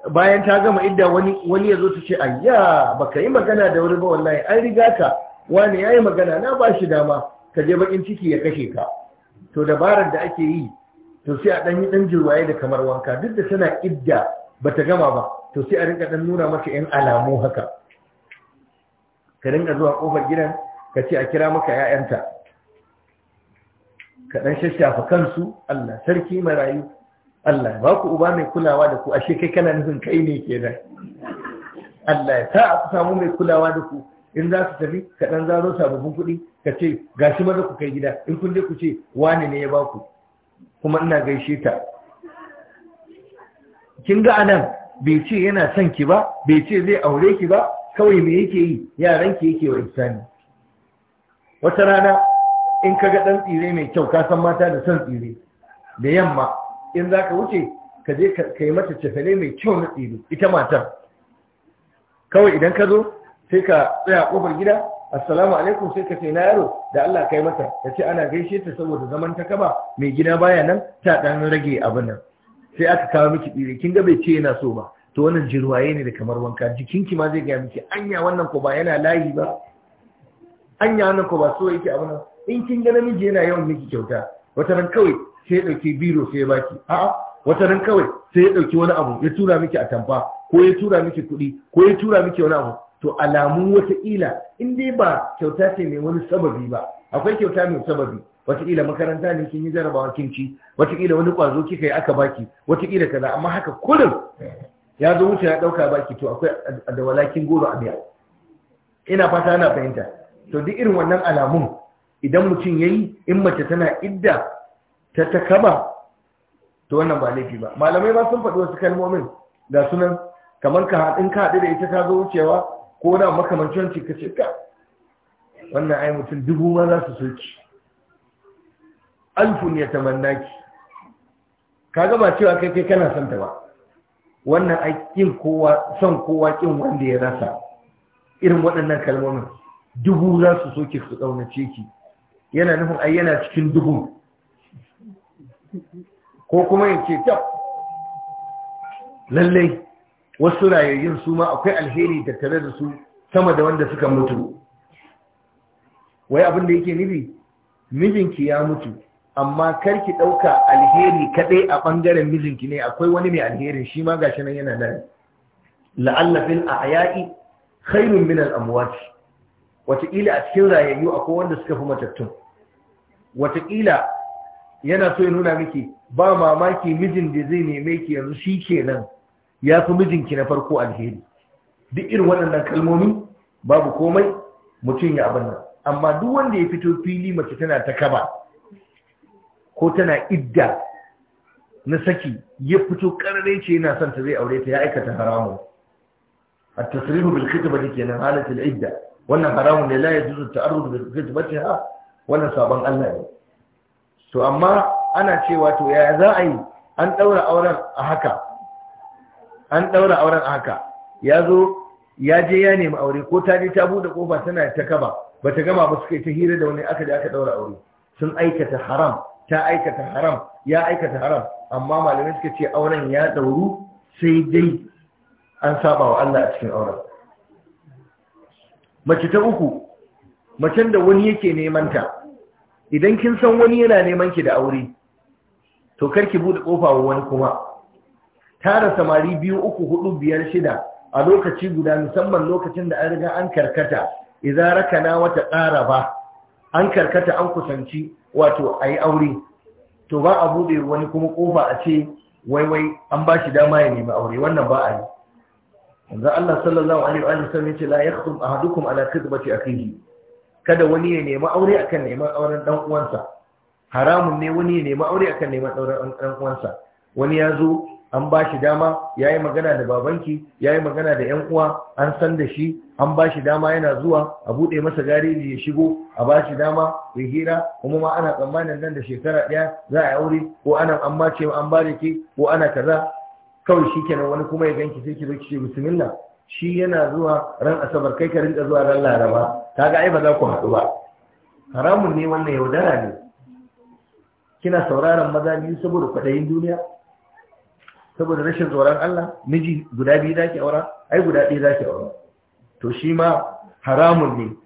bayan ta gama idda wani wani yazo ta ce ayya baka yi magana da wani ba wallahi an riga ka wani yayi magana na ba shi dama ka je bakin ciki ya kashe ka to dabarar da ake yi to sai a dan yi dan jirwaye da kamar wanka duk da tana idda bata gama ba to sai a rinka dan nuna maka yan alamu haka ka rinka zuwa kofar gidan ka ce a kira maka 'ya'yanta. ka dan shashafa kansu Allah sarki marayu Allah ba ku uba mai kulawa da ku ashe kai kana nufin kai ne ke da. Allah ya sa ku samu mai kulawa da ku in za ku tafi ka dan zaro sababbin kuɗi ka ce gashi maza ku kai gida in kun je ku ce wani ne ya ba ku kuma ina gaishe ta kin ga anan bai ce yana son ki ba bai ce zai aure ki ba kawai me yake yi yaran ki yake wa insani wata rana in ka ga ɗan tsire mai kyau ka san mata da son tsire da yamma in za ka wuce ka je ka yi mata cefane mai kyau na tsibi ita matar kawai idan ka zo sai ka tsaya kofar gida assalamu alaikum sai ka ce na yaro da Allah kai mata ta ce ana gaishe ta saboda zaman ta kaba mai gida baya nan ta dan rage abin nan sai aka kawo miki tsire kin ga bai ce yana so ba to wannan jirwaye ne da kamar wanka jikinki ma zai gaya miki anya wannan ko ba yana layi ba anya wannan ko ba so yake abin nan in kin ga namiji yana yawan miki kyauta wata ran kawai sai ya ɗauki biro sai ya baki a'a wata nan kawai sai ya ɗauki wani abu ya tura miki a tamfa, ko ya tura miki kuɗi ko ya tura miki wani abu to alamun ila in dai ba kyauta ce mai wani sababi ba akwai kyauta mai sababi ila makaranta ne kin yi jarabawa kin ci wataƙila wani kwazo kika yi aka baki wataƙila kaza amma haka kullum ya zo wuce ya ɗauka baki to akwai da walakin goro a biya ina fata ana fahimta to duk irin wannan alamun idan mutum ya yi in mace tana idda ta takaba to wannan ba laifi ba malamai ba sun faɗi wasu kalmomin ga sunan kamar ka haɗin ka haɗu da ita ka zo wucewa ko da makamancin ci ka ce ka wannan ai mutum dubu ma za su soki alfun ya tamanna ki ka gaba cewa kai kai kana son ta ba wannan ai kin kowa son kowa kin wanda ya rasa irin waɗannan kalmomin dubu za su soke su ɗaunace ki yana nufin ai yana cikin dubu ko kuma in ce tab lallai wasu rayayyun su ma akwai alheri tattare da su sama da wanda suka mutu wai abin da yake nibi mijinki ya mutu amma karki ɗauka alheri kaɗai a ɓangaren mijinki ne akwai wani mai alherin shi ma gashi nan yana nan la'allafin a aya'i khairun min al'amuwaci wataƙila a cikin rayayyu akwai wanda suka fi matattun wataƙila yana so ya nuna miki ba mamaki mijin da zai neme ki yanzu shi kenan ya fi mijinki na farko alheri duk irin waɗannan kalmomi babu komai mutum ya abin nan amma duk wanda ya fito fili mace tana ta kaba ko tana idda na saki ya fito karare ce yana son ta zai aure ta ya aikata haramun a tasirihu bil ke kenan halatul idda wannan haramun ne la yajuzu ba bil ha? wannan sabon Allah ne to amma ana cewa to yaya za a yi an ɗaura auren a haka an auren a haka ya zo ya je ya nemi aure ko ta je ta buɗe ƙofa tana ta kaba ba ta gama ba suka yi ta hira da wani aka je aka ɗaura aure sun aikata haram ta aikata haram ya aikata haram amma malamai suka ce auren ya ɗauru sai dai an saba wa Allah a cikin auren mace ta uku macen da wani yake neman ta idan kin san wani yana neman ki da aure to kar ki bude kofa wa wani kuma tara samari biyu uku hudu biyar shida a lokaci guda musamman lokacin da an riga an karkata idan rakana wata tsara ba an karkata an kusanci wato ayi aure to ba a bude wani kuma kofa a ce wai wai an ba shi dama ya nemi aure wannan ba a yi Allah sallallahu alaihi wa sallam ya ce la yakhtum ahadukum ala khidbati akhihi kada wani ya nemi aure akan neman auren dan uwansa haramun ne wani ya nemi aure akan neman auren dan uwansa wani ya zo an ba shi dama ya yi magana da babanki ya yi magana da yan uwa an san da shi an ba shi dama yana zuwa a buɗe masa gareji ya shigo a ba shi dama ya hira kuma ma ana tsammanin nan da shekara ɗaya za a yi aure ko ana an mace an bare ke ko ana kaza kawai shi kenan wani kuma ya ganki sai ki zo ki ce bismillah shi yana zuwa ran asabar kai ka da zuwa ran laraba ga ai ba za ku haɗu ba haramun ne wannan yaudara ne kina sauraron maza biyu saboda kwaɗayin duniya saboda rashin tsoron Allah miji guda biyu za ki aura ai guda ɗaya ki aura to shi ma haramun ne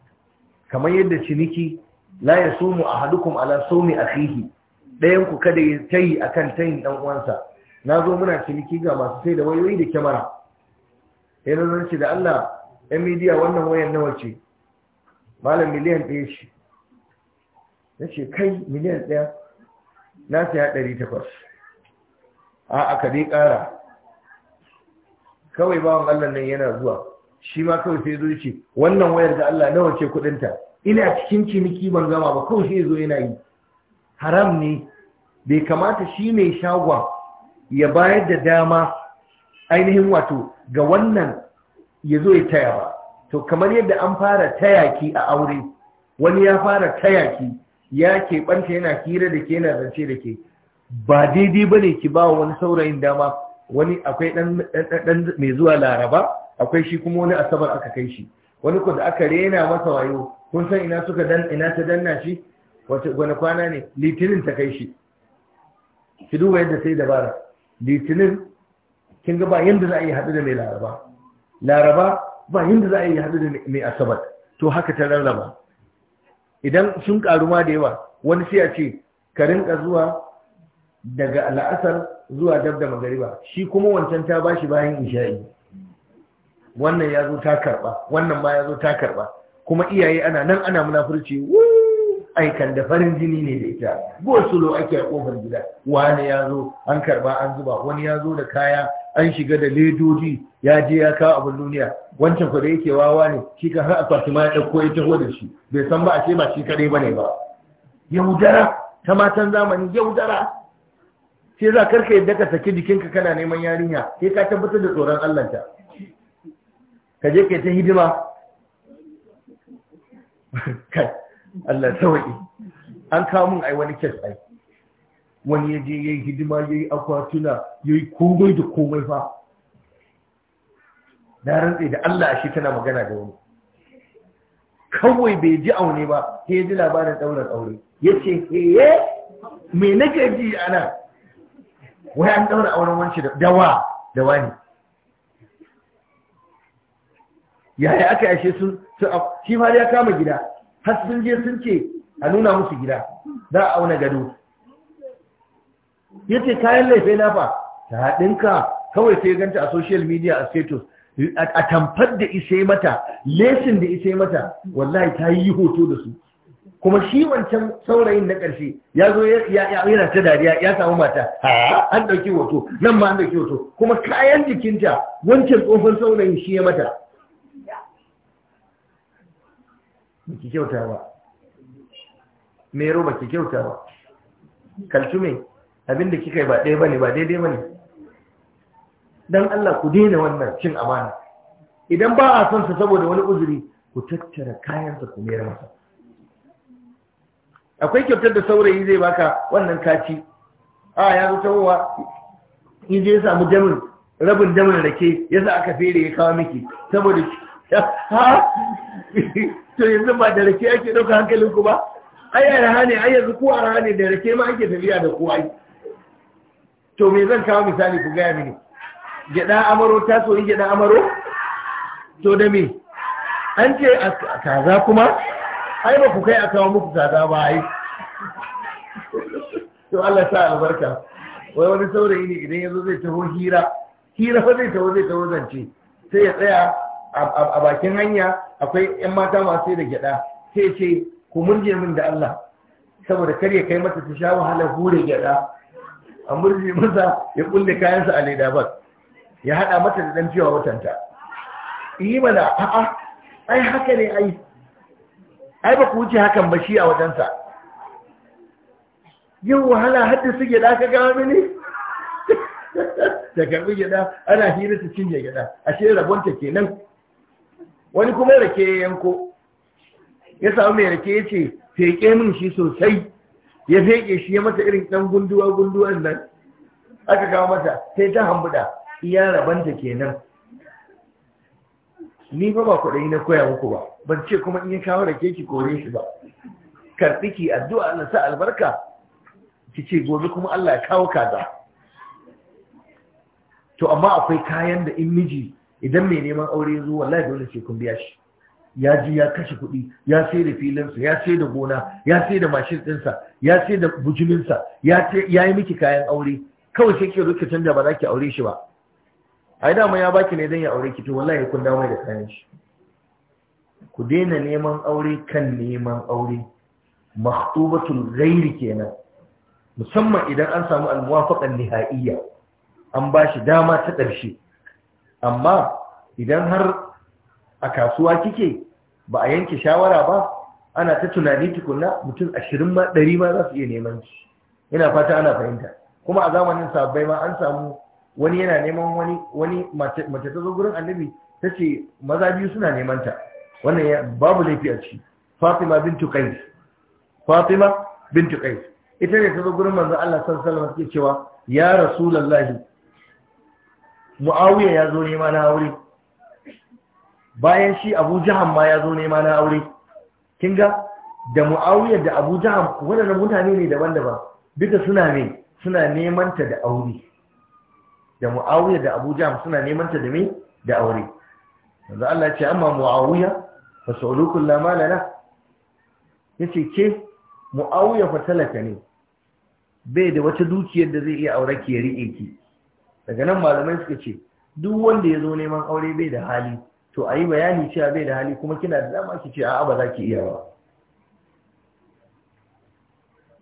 kamar yadda ciniki la a hadukun ala sumi akhihi ɗayan ku kada ya tayi akan tayin ɗan uwansa na zo muna ciniki ga masu sai da wayoyi da kyamara yana zan ce da Allah ya midiya wannan wayan nawa ce malam miliyan ɗaya shi na ce kai miliyan ɗaya na saya ɗari takwas a aka dai ƙara kawai bawan Allah nan yana zuwa shi ma kawai sai zo ce wannan wayar da Allah nawa ce kuɗinta ina cikin ciniki ban gama ba kawai sai zo yana yi haram ne bai kamata shi mai shagwa ya bayar da dama ainihin wato ga wannan ya zo ya taya ba to kamar yadda an fara tayaki a aure wani ya fara tayaki ya keɓanta yana hira da ke yana zance da ke ba daidai ba ne ki ba wani saurayin dama wani akwai ɗan mai zuwa laraba akwai shi kuma wani asabar aka kai shi wani ku da aka rena masa wayo kun san ina suka dan ina ta danna shi wani kwana ne litinin ta kai shi ki duba yadda sai dabara litinin kin ga ba yanda za a yi haɗu da mai laraba laraba ba yanda za a yi haɗu da mai asabar to haka ta rarraba idan sun ƙaru ma da yawa wani sai a ce ka rinka zuwa daga la'asar zuwa dab da magariba shi kuma wancan ta bashi bayan isha'i wannan ya zo ta karba wannan ma ya zo ta karɓa. kuma iyaye ana nan ana munafurci aikan da farin jini ne da ita go sulo ake a kofar gida wani ya zo an karba an zuba wani ya zo da kaya an shiga da ledoji ya je ya kawo abin duniya wancan ku da yake wawa ne shi ka har akwati ma ya ɗauko ya taho da shi bai san ba a ce ba shi kare ba ne ba yaudara ta matan zamani yaudara sai za ka yadda ka saki jikinka kana neman yarinya sai ka tabbatar da tsoron Allah ta ka je ka ta hidima kai Allah sauki an kawo mun ai wani kes ai wani ya je ya yi hidima ya yi akwatuna ya yi komai da komai fa na rantse da Allah a shi tana magana da wani kawai bai ji aune ba sai ya ji labarin daular aure ya ce heye me nake ji ana wai an daura auren wanci da dawa dawa ne yaya aka yashe sun shi ma ya kama gida har sun je sun ce a nuna musu gida za a auna gado Yace kayan laife na fa ta haɗinka, kawai sai ganta a social media a status a tamfar da isai mata lesin da isai mata wallahi ta yi hoto da su kuma shi wancan saurayin na ƙarshe ya zo yana ta dariya ya samu mata an ɗauki hoto nan ma an ɗauki hoto kuma kayan jikinta wancan tsohon saurayin shi ya mata ki kyauta ba mero ki kyauta ba kaltume Abin da kika yi ba ɗaya bane ba daidai ba ne. Don Allah ku daina wannan cin amana idan ba a son sa saboda wani uzuri ku tattara kayansa ku mayar masa akwai kyautar da saurayi zai baka wannan kaci a ya zo tawowa in je ya samu jamin rabin damin rake ya sa aka fere ya kawo miki saboda ha to yanzu ba da rake ake ɗauka hankalinku ba ai araha Rahane, ai yanzu da rake ma ake tafiya da kowa to me zan kawo misali ku gaya mini gyada amaro ta so yin gyada amaro to da me an ce a kaza kuma ai ba ku kai a kawo muku kaza ba ai to Allah sa albarka wai wani saurayi ne idan yazo zai taho hira hira fa zai taho zai taho zance sai ya tsaya a bakin hanya akwai yan mata masu da gyada sai ce ku murje min da Allah saboda kar ya kai mata ta sha wahalar hure gyada a murji masa ya kulle kayansa a leda bas ya haɗa mata da ɗan cewa watanta yi mana a'a ai haka ne ai ai ba ku wuce hakan ba shi a wajensa yin wahala hadda su gyaɗa ka gama mini ta karbi gyaɗa ana hira ta cinye gyaɗa ashe rabonta kenan wani kuma rake yanko ya samu mai rake ya ce feke min shi sosai ya feke shi ya mata irin ɗan gunduwa gunduwan nan aka kawo mata sai ta hambuda iya ke nan. ni fa ba kuɗi na koya muku ba ban ce kuma in ya kawo da ki kore shi ba karɓi ki addu'a na sa albarka ki ce gobe kuma Allah ya kawo kaza to amma akwai kayan da in miji idan mai neman aure zuwa zo wallahi dole sai kun biya shi ya ji ya kashe kuɗi ya sai da filinsa ya sai da gona ya sai da mashin ɗinsa ya sai da bujiminsa ya yi miki kayan aure kawai sai ke rufe canja ba za ki aure shi ba A yi dama ya baki ne don ya aure ki to wallahi kun dawo mai da kayan shi ku daina neman aure kan neman aure makhtubatul ghairi kenan musamman idan an samu almuwafaqan nihaiya an ba shi dama ta ƙarshe amma idan har a kasuwa kike ba a yanke shawara ba ana ta tunani tukunna mutum ashirin ma ɗari ma za su iya neman shi ina fata ana fahimta kuma a zamanin sabbai ma an samu wani yana neman wani wani mace ta zo gurin annabi ta ce maza biyu suna neman ta wannan ya babu laifi a ciki fatima bintu qais fatima bintu qais ita ne ta zo gurin manzon Allah sallallahu alaihi wasallam ke cewa ya rasulullahi muawiya ya zo neman na aure bayan shi abu jahan ma ya zo nema na aure kin ga da mu'awiyar da abu jahan waɗannan mutane ne daban-daban duka suna ne suna neman ta da aure da mu'awiyar da abu jahan suna neman ta da me da aure yanzu Allah ce amma mu'awiya fa sa'ulukul la Ya yace ke mu'awiya fa talaka ne bai da wata dukiyar da zai iya aure ki ya riƙe ki daga nan malamai suka ce duk wanda ya zo neman aure bai da hali to a yi bayani cewa bai da hali kuma kina da dama ki ce a'a ba za ki iya ba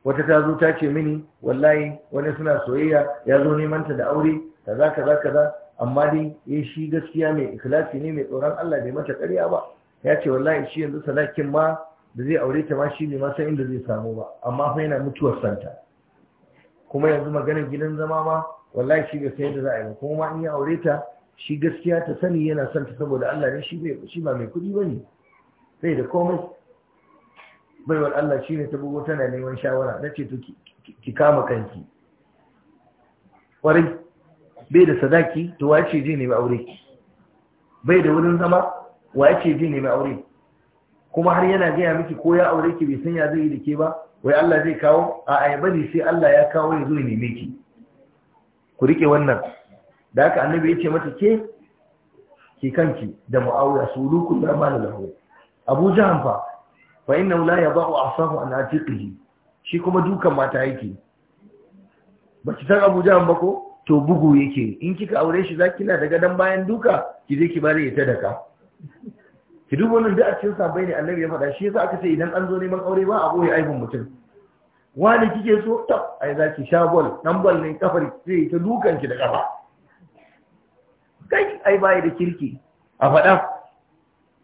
wata ta zo ta ce mini wallahi wani suna soyayya ya zo neman ta da aure kaza kaza kaza amma dai ya eh, shi gaskiya mai ikhlasi ne mai tsoron Allah bai mata karya ba ya ce wallahi shi yanzu salakin ma da zai aure ta ma shi ne masan inda zai samu ba amma fa yana mutuwar santa kuma yanzu maganar gidan zama ma wallahi shi ga sai da za a yi kuma ma in ya aure ta shi gaskiya ta sani yana son ta saboda Allah ne shi ba mai kuɗi ba ne sai da komai baiwar Allah shi ne ta bugo tana neman shawara na ce to ki kama kanki ƙwarai bai da sadaki to wace je nemi aure bai da wurin zama wace je nemi aure kuma har yana ya miki ko ya aure ki bai san ya zai yi da ke ba wai Allah zai kawo a ayyabari sai Allah ya kawo ya zo ya ki ku rike wannan da haka annabi ya ce mata ke ki kanki da mu'awiya su lukun da lahu abu jahan fa fa inna la yadau asahu an atiqihi shi kuma dukan mata yake ba ki san abu jahan ba ko to bugu yake in kika aure shi zaki na daga dan bayan duka ki je ki bare ya daka. ki duba nan da a cikin sabai ne annabi ya faɗa shi yasa aka ce idan an zo neman aure ba a boye aibin mutum wani kike so tab ai zaki sha bol dan bal ne kafar sai ta dukan ki da kafa kai ai bayi da kirki a faɗa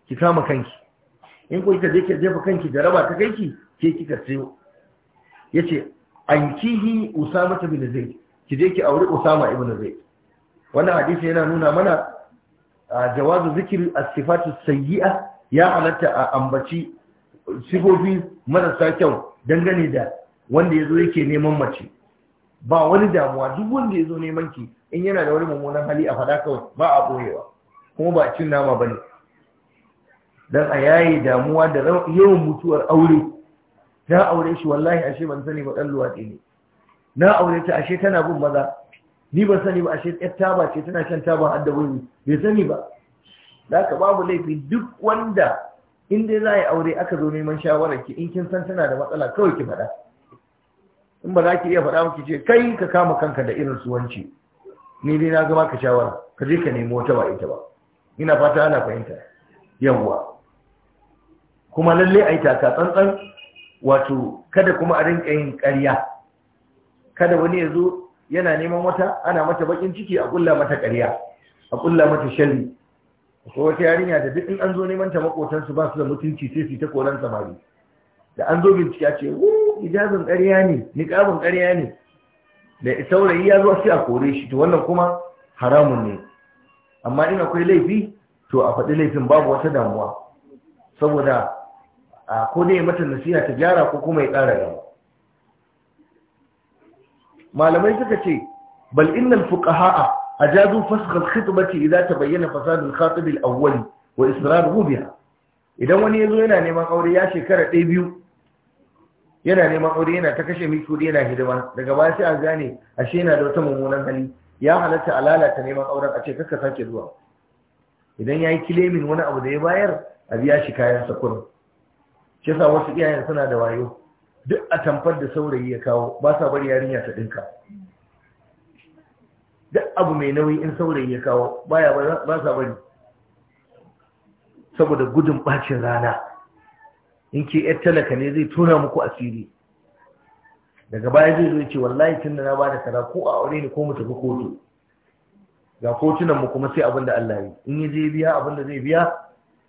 ki kama kanki in ko ita je ki jefa kanki da raba ta kanki ki ke kika sayo yace ankihi usama bin zai ki je ki auri usama ibn zai. wannan hadisi yana nuna mana jawazu zikri as-sifatu sayyi'a ya halatta a ambaci sifofi marasa kyau dangane da wanda yazo yake neman mace ba wani damuwa duk wanda ya zo neman ki in yana da wani mummunan hali a faɗa kawai ba a ɓoyewa kuma ba cin nama ba ne don a yayi damuwa da yawan mutuwar aure na aure shi wallahi ashe ban sani ba ɗan luwaɗe ne na aure ta ashe tana bin maza ni ban sani ba ashe ƴar taba ce tana shan taba har da wuri bai sani ba da ka babu laifi duk wanda in dai za a yi aure aka zo neman shawarar ki in kin san tana da matsala kawai ki faɗa in ba za ki iya faɗa maki ce kai ka kama kanka da irin suwanci. ni dai na zama ka shawara ka je ka nemi wata ba ita ba ina fata ana fahimta yawwa kuma lalle a yi taka tsantsan wato kada kuma a rinka yin ƙarya kada wani ya zo yana neman wata ana mata baƙin ciki a kulla mata ƙarya a kulla mata shalli ko wata yarinya da duk in an zo neman ta makotansu ba su da mutunci sai su ta koran samari da an zo bincike ce wuu ijazin ƙarya ne niƙabin ƙarya ne da saurayi ya zo sai a kore shi to wannan kuma haramun ne amma in akwai laifi to a faɗi laifin babu wata damuwa saboda a ko dai mata nasiha ta gyara ko kuma ya ƙara gaba malamai suka ce bal innal fuqaha ajazu fasakh al-khitbati idza tabayyana fasad al-khatib al-awwal wa israruhu biha idan wani yazo yana neman aure ya shekara ɗaya biyu yana neman aure yana ta kashe miki kuɗi yana hidima daga baya sai a gane ashe yana da wata mummunan hali ya halatta a lalata neman auren a ce sake zuwa idan ya yi kilemin wani abu da ya bayar a biya shi kayan sakun shi yasa wasu iyayen suna da wayo duk a tamfar da saurayi ya kawo ba sa bari yarinya ta dinka duk abu mai nauyi in saurayi ya kawo baya ba sa bari saboda gudun bacin rana in ke yar talaka ne zai tura muku asiri daga baya zai zo ce wallahi tun da na ba da kara ko a aure ne ko mu tafi kotu ga kotunan mu kuma sai abin da Allah yi in ya je biya abin da zai biya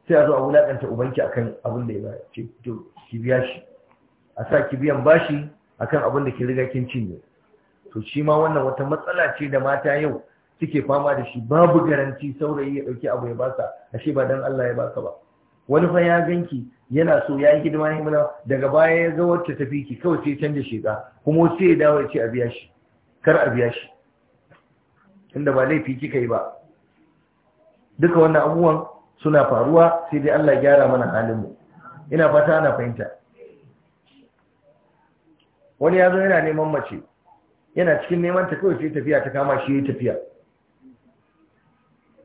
sai a zo a wulakanta ubanki akan abin da ya ba ce to ki biya shi a sa ki biyan bashi akan abin da ke riga kin cinye to shi ma wannan wata matsala ce da mata yau suke fama da shi babu garanti saurayi ya dauki abu ya basa ashe ba dan Allah ya baka ba wani fa ya ganki yana so ya yi hidima himina daga baya ya ga wacce tafi ki kawai sai canza shiga kuma sai ya dawo ya ce a biya shi kar a biya shi tunda ba laifi kika yi ba duka wannan abubuwan suna faruwa sai dai Allah gyara mana halinmu ina fata ana fahimta wani ya zo yana neman mace yana cikin neman ta kawai sai tafiya ta kama shi ya tafiya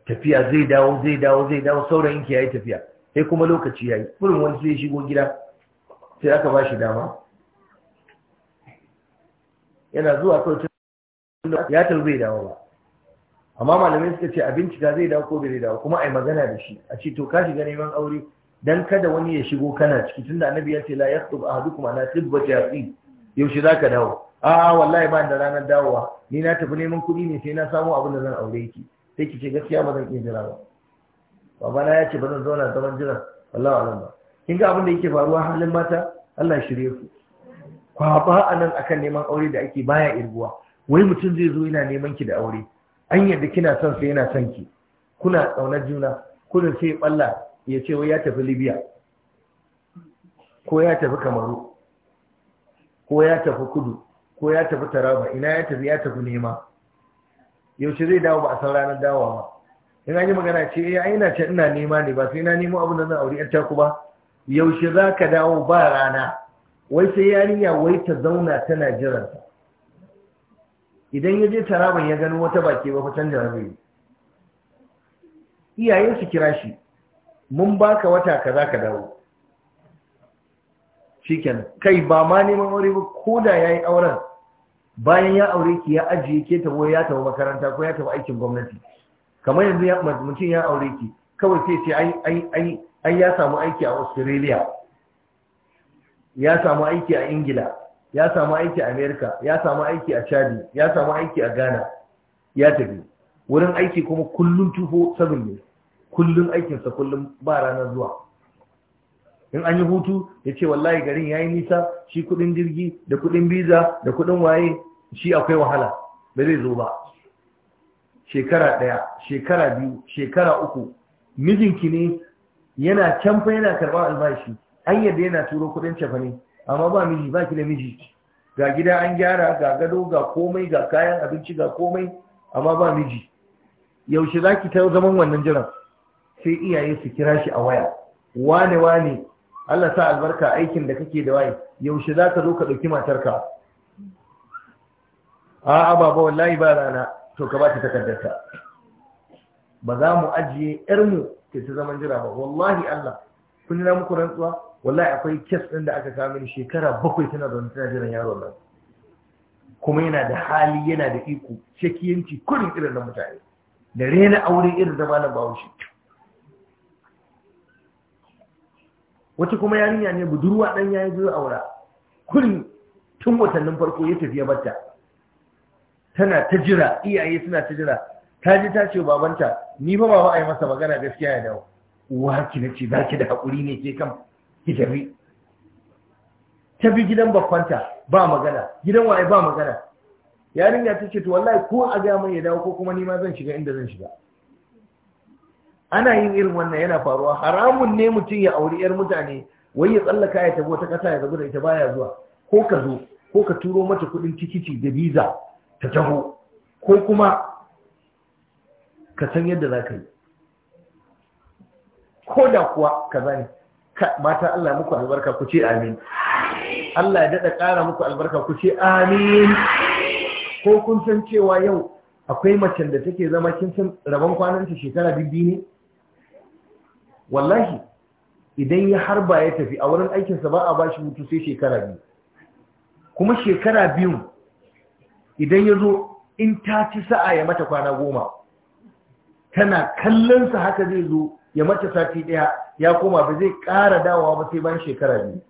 tafiya zai dawo zai dawo zai dawo saurayin ki yi tafiya sai kuma lokaci ya yi kurin wani sai shigo gida sai aka ba shi dama yana zuwa kawai ya taru bai dawo ba amma malamai suka ce abinci ta zai dawo ko bai dawo kuma a yi magana da shi a ce to ka shiga neman aure dan kada wani ya shigo kana ciki tun da annabi ya ce la yaqtub ahadukum ala tibbati yaqi yaushe zaka dawo a wallahi ba da ranar dawowa ni na tafi neman kuɗi ne sai na samu abin da zan aure ki sai ki ce gaskiya ba zan iya jira ba babana ya ce ba zauna zaman jiran wallahi alam ba kin ga abin da yake faruwa halin mata Allah shirye ku kwaba anan akan neman aure da ake baya irguwa wai mutum zai zo yana neman ki da aure an yadda kina son sai yana son ki kuna tsaunar juna kuna sai balla ya ce wai ya tafi Libya ko ya tafi Kamaru ko ya tafi Kudu ko ya tafi Taraba ina ya tafi ya tafi nema yaushe zai dawo ba a san ranar dawowa in yi magana ce ya eh, aina ce ina nema ne ba sai na nemo abin da zan aure yan taku ba yaushe za ka dawo ba rana wai sai yarinya wai ta zauna tana ta idan ya je taraban ya gano wata baki ba fitan da rabi iyayen su kira shi mun baka wata kaza ka dawo shikenan kai ba ma neman aure ba ko da yayi auren bayan ya aure ki ya ajiye ke ta ya tafi makaranta ko ya tafi aikin gwamnati kamar yanzu ya mutum ya aure ki kawai sai ce ai ai ai ai ya samu aiki a Australia ya samu aiki a Ingila ya samu aiki a America ya samu aiki a Chadi ya samu aiki a Ghana ya tafi wurin aiki kuma kullun tufo sabin ne kullun aikinsa kullun ba ranar zuwa in an yi hutu ya ce wallahi garin ya yi nisa shi kudin jirgi da kudin biza da kudin waye shi akwai wahala ba zai zo ba shekara ɗaya shekara biyu shekara uku mijinki ne yana can fa yana karɓar albashi an yadda yana turo kuɗin cefa ne amma ba miji ba ki da miji ga gida an gyara ga gado ga komai ga kayan abinci ga komai amma ba miji yaushe za ki ta zaman wannan jiran sai iyaye su kira shi a waya wane wane Allah sa albarka aikin da kake da waye yaushe za ka zo ka ɗauki matarka a'a baba wallahi ba rana to ka ba ta takardarta ba za mu ajiye yarmu ke ta zaman jira ba wallahi Allah kun na muku rantsuwa wallahi akwai kes ɗin da aka kawo mini shekara bakwai tana da tana jiran yaro nan kuma yana da hali yana da iko shakiyanci kurin irin na mutane da rena aure irin da malam bahaushe wata kuma yarinya ne budurwa ɗan yayi zuwa aura kurin tun watannin farko ya tafi ya batta tana ta jira iyaye suna ta jira ta ji ta ce babanta ni fa baba a yi masa magana gaskiya ya dawo uwa ki na ce baki da haƙuri ne ke kam ki tafi ta bi gidan babbanta ba magana gidan waye ba magana yarinya ta ce to wallahi ko a ga mai ya dawo ko kuma ni ma zan shiga inda zan shiga ana yin irin wannan yana faruwa haramun ne mutum ya auri yar mutane wai ya tsallaka ya tabo ta kasa ya zabu da ita baya zuwa ko ka zo ko ka turo mata kuɗin tikiti da visa ta taho ko kuma ka san yadda za ka yi ko da kuwa ka zane mata Allah muku albarka ku ce amin Allah ya daɗa ƙara muku albarka ku ce amin ko kun san cewa yau akwai macen da take zama kin san rabon kwananta shekara bibbi ne wallahi idan ya harba ya tafi a wurin aikinsa ba a ba shi mutu sai shekara biyu kuma shekara biyu idan ya zo in ta ci sa'a ya mata kwana goma tana kallonsa haka zai zo ya mata sati ɗaya ya koma ba zai ƙara dawowa ba sai bayan shekara biyu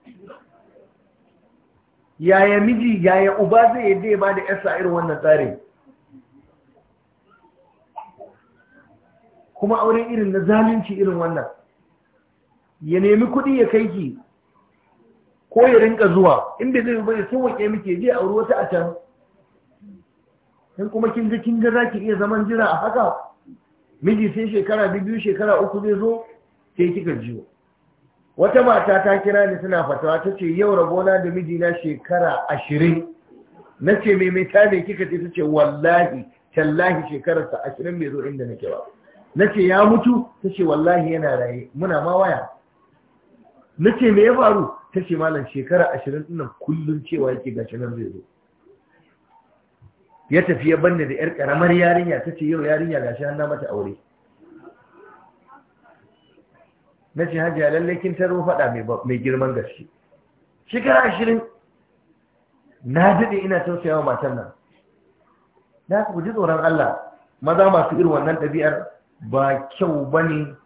yaya miji yaya uba zai yadda ya ba da yasa irin wannan tsarin kuma auren irin na zalunci irin wannan ya nemi kuɗi ya kai ki ko ya rinka zuwa inda zai bai sun wake miki je auri wata a can sai kuma kin ga kin ga za ki iya zaman jira a haka miji sai shekara biyu shekara uku zai zo sai kika jiwo wata mata ta kira ni tana fatawa ta ce yau rabona da mijina shekara ashirin na ce mai mai ta ne kika ce ta ce wallahi tallahi shekararsa ashirin mai zo inda nake ba na ce ya mutu ta ce wallahi yana raye muna ma waya na ce me ya faru ta ce malam shekara ashirin ɗinnan kullum cewa yake gashi nan zai zo ya tafi ya banne da 'yar karamar yarinya ta ce yau yarinya ga shi hannu mata aure na ce hajiya lallai kin taro faɗa mai girman gaske shekara ashirin na daɗe ina tausayawa matan nan na ku ji tsoron Allah maza masu irin wannan ɗabi'ar ba kyau ba ne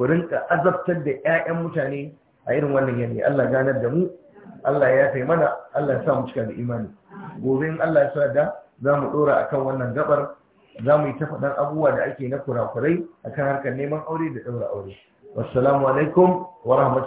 ku rinka azabtar da 'ya'yan mutane a irin wannan yanayi Allah ganar da mu Allah ya taimana, mana Allah ya sa mu cika da imani gobe in Allah ya sa da za mu ɗora a kan wannan gabar za mu yi ta faɗar abubuwa da ake na kurakurai a kan harkar neman aure da ɗaura aure wassalamu alaikum wa